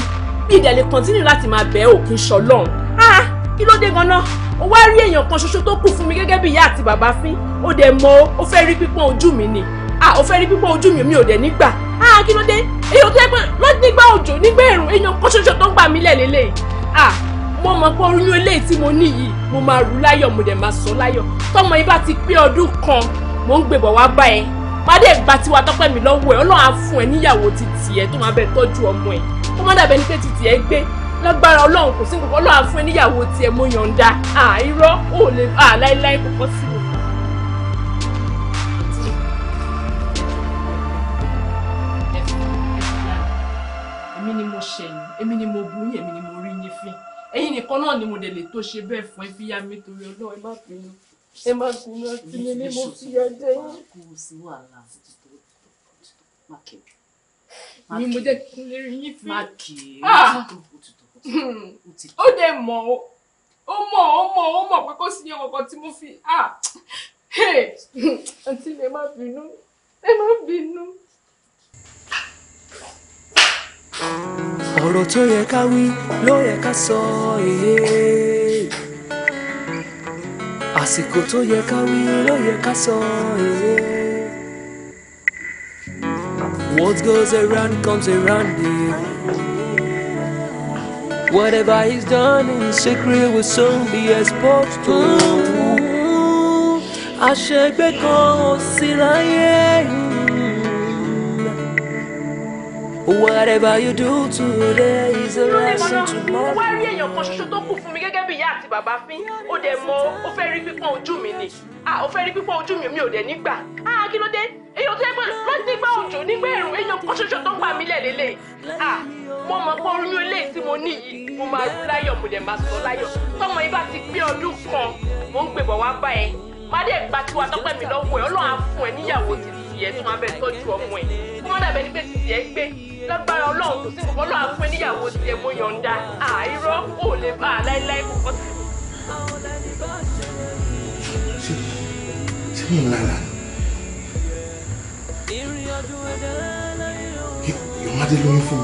bí ìdẹ̀lẹ̀ continue láti máa bẹ̀ ẹ́ òkè ṣọlọ́run ah kí ló dé ganan o wá rí èèyàn kan ṣoṣo tó kù fún mi gẹ́gẹ́ bí ìyá àti bàbá fín ó dẹ̀ mọ̀ ó fẹ́ rí pípọ́n ojú mi ni ah o fẹ́ rí pípọ́n ojú mi mi ò dẹ̀ nígbà ah kí ló dé èèyàn tó yẹ pé lọ́dún nígbà òjò nígbà ẹ̀rùn èèyàn kan ṣoṣo tó ń gbà mí lẹ̀ lélẹ́yìí ah mo mọ pé oyún eléyìí tí mo ní yìí mo máa rú láyọ̀ mo dẹ̀ máa sọ láyọ̀ tọmọ yìí bá ti pé ọdún kan mò ń gbèbọ̀ wá bá ẹ má dé ìgbà tí wàá tọ́pẹ́ mi lọ́wọ́ ẹ ọlọ́run á fún ẹ níyàwó ti tiẹ̀ tó máa bẹ tọ́jú ọmọ ẹ kó má dàbẹ́ ní pé ti tiẹ̀ gbé lágbára ọlọ́run kò sí nǹkan ọlọ́run á fún ẹ níyàwó tiẹ̀ mo yọ̀ǹda àìrọ́ ò lè láéláé kò sí mi. èmi ni mo ṣẹ̀yìn èmi ni mo bú yín èmi ni mo rí yín fín ẹ̀yin nìkan náà ni mo dẹ̀ lè tó ṣe bẹ́ẹ̀ fún ẹ fi torí ọlọ́run ẹ má pinnu ẹ má bínú ọtí mi ni mo fi ẹjẹ yín. ni mo jẹ́ kí n lè rí yín fi. Ah! ó dẹ̀ mọ̀ ó mọ̀ ó mọ̀ ó mọ̀ pé kó sí yẹn kankan tí mo fi ah! àǹtí mi ẹ má bínú ẹ má bínú. ọ̀rọ̀ tó yẹ ká wí ló yẹ ká sọ èyí. Eh àsìkò tó yẹ ká wí ló yẹ ká sọ èyí. Eh. What goes around comes around you. Eh. Whatever is done in secret will soon be exposed to. Mm-hmm. àṣegbé kan ò sí láyé yìí. Whatever you do today is a lesson tomorrow. Wá rí èèyàn kan ṣoṣo tó kù fún mi gẹ́gẹ́ bí ìyá àti bàbá fín. Ó dẹ̀ mọ ó fẹ́ rí pípọ́n ojú mi ni. À ó fẹ́ rí pípọ́n ojú mi mi ò dẹ̀ nígbà. À kí ló dé? Èèyàn tó yẹ pé lọ́sí nígbà òjò nígbà ẹ̀rùn èèyàn kan ṣoṣo tó gbà mí lẹ̀lélẹ̀. À mo mọ̀ pé orí mi ò léyìí tí mo ní yìí. Mo máa rú láyọ̀ mo dẹ̀ máa sọ láyọ̀. Tọ́mọ ibà ti pé ọdún kan, mò ń gbèbọ̀ wá bá ẹ. Má dẹ̀ gba tiwa tọ́pẹ́ mi lọ́wọ́ ẹ̀, Ọlọ́run á fún ẹ níyàwó títí ẹ̀ tó máa bẹ̀ tọ́jú ọmọ ẹ̀. Kó má dàbẹ́ ní pé títí ẹ gbé lágbára ọlọ́run kò sí nǹkan lọ́wọ́ fún níyàwó tiẹ̀ mo yọ̀ǹda àìrọ́ ò lè bá a láéláé kọ̀ọ̀kan. ṣé ṣé mi lára ìwádìí lóyún fún mi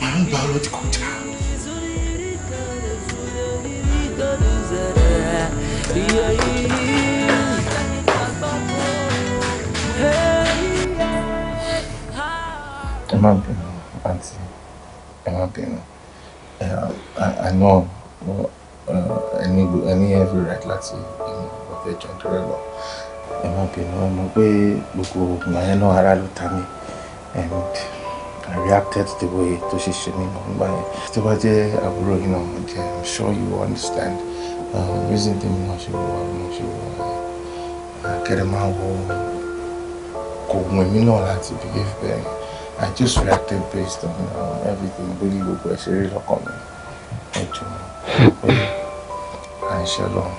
màá ń biological child. Yeah, yeah, yeah. má bínú àǹtí ẹ má bínú I know ẹni ẹni every right láti ẹni ọ̀fẹ́ jọ nítorí ẹ lọ ẹ má bínú ẹ mọ̀ pé gbogbo oògùn ayé náà ara ló ta and I reacted the way to ṣe ṣe mí nígbà yẹn tó I jẹ́ àbúrò yìí I'm sure you understand um, reason tèmi náà ṣe wà mo ṣe wà kẹ́rẹ́ máa wọ kò gùn èmi náà láti behave bẹ́ẹ̀ I just reacted based on um, everything bóyá gbogbo ẹ̀ ṣe rí lọ́kàn mi ẹ jù mí pé à ń ṣe lọ́hùn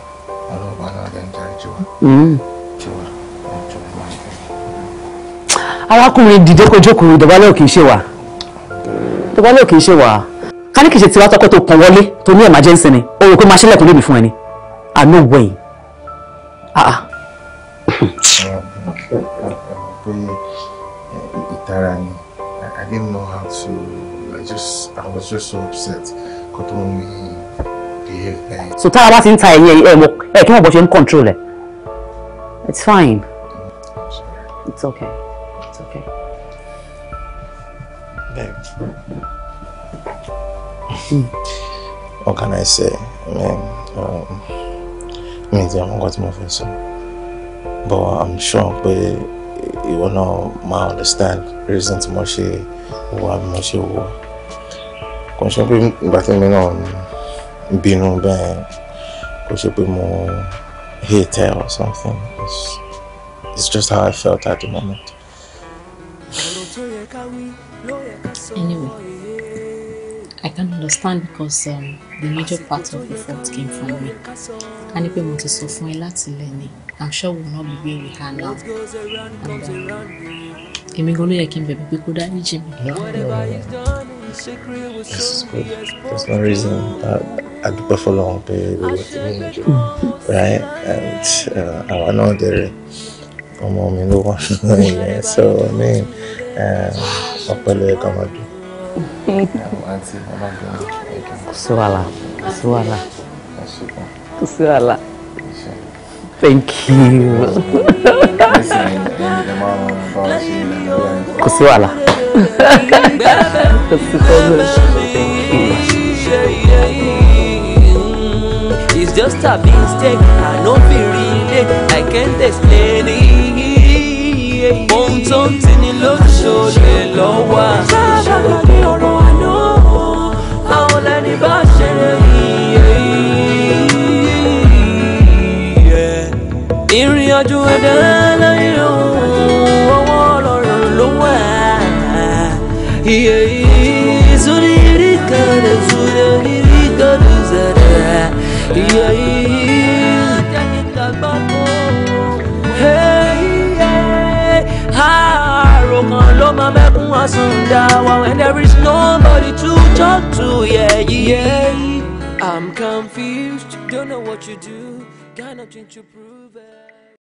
ọlọ́ọ̀bá náà lè ń darí jù wá mm-hmm. jù wá ẹ jù mí máa ṣe. arákùnrin dìde kojú ọkùnrin ìdọ̀bálẹ̀ ò kì í ṣe wà ìdọ̀bálẹ̀ ò kì í ṣe wà ká ní kì í ṣe tiwa tọkọ tó kàn wọlé tó ní emergency ni o rò pé máa ṣílẹ̀kùn lébi fún ẹni àná wẹ̀yìn pé ìtara ni just I was just so upset kò tó ń behave bẹ́ẹ̀. so tára bá ti ń ta ẹ̀yìn ẹ̀ ẹ̀ kí wọ́n bọ́ control it. it's fine it's okay it's okay. babe what can I say man um, mi ti àwọn nǹkan tí but I'm sure you will náà máa understand reason tí mo ṣe wà bí mo ṣe kò ṣe pé ìgbà tí mi náà bínú bẹ́ẹ̀ kò ṣe pé mo hate her or something it's, it's just how I felt at the moment. anyway I can understand because um, the major part of the fault came from me ká ní pé mo ti sọ fún ẹ láti lẹ ni I'm sure we will not be where we are now and um, èmi gan ló yẹ kí n bẹ̀bẹ̀ pé kó dáríjì mi. Yes, but there's no reason that adúpẹ́ fọlọ́run pé gbogbo ti ní right and àwa náà dẹ̀rẹ̀ ọmọ mi ló wà nínú ilẹ̀ so I mean uh, ọpẹ́ ló yẹ ká máa dùn. kò sí wàhálà kò sí wàhálà kò thank you kò sí It's just a mistake. I don't feel it. I can't explain it. Ohun tó ń tini lóṣù lè lọ wá. Sábà gbàgbé ọ̀rọ̀ àná. Àwọn lẹ́ni bá ṣẹlẹ̀ yìí. Ìrìn àjò ẹ̀dá lọ. Yeah, Hey, there is nobody to talk to. Yeah, yeah, I'm confused, don't know what you do, got nothing to prove. It.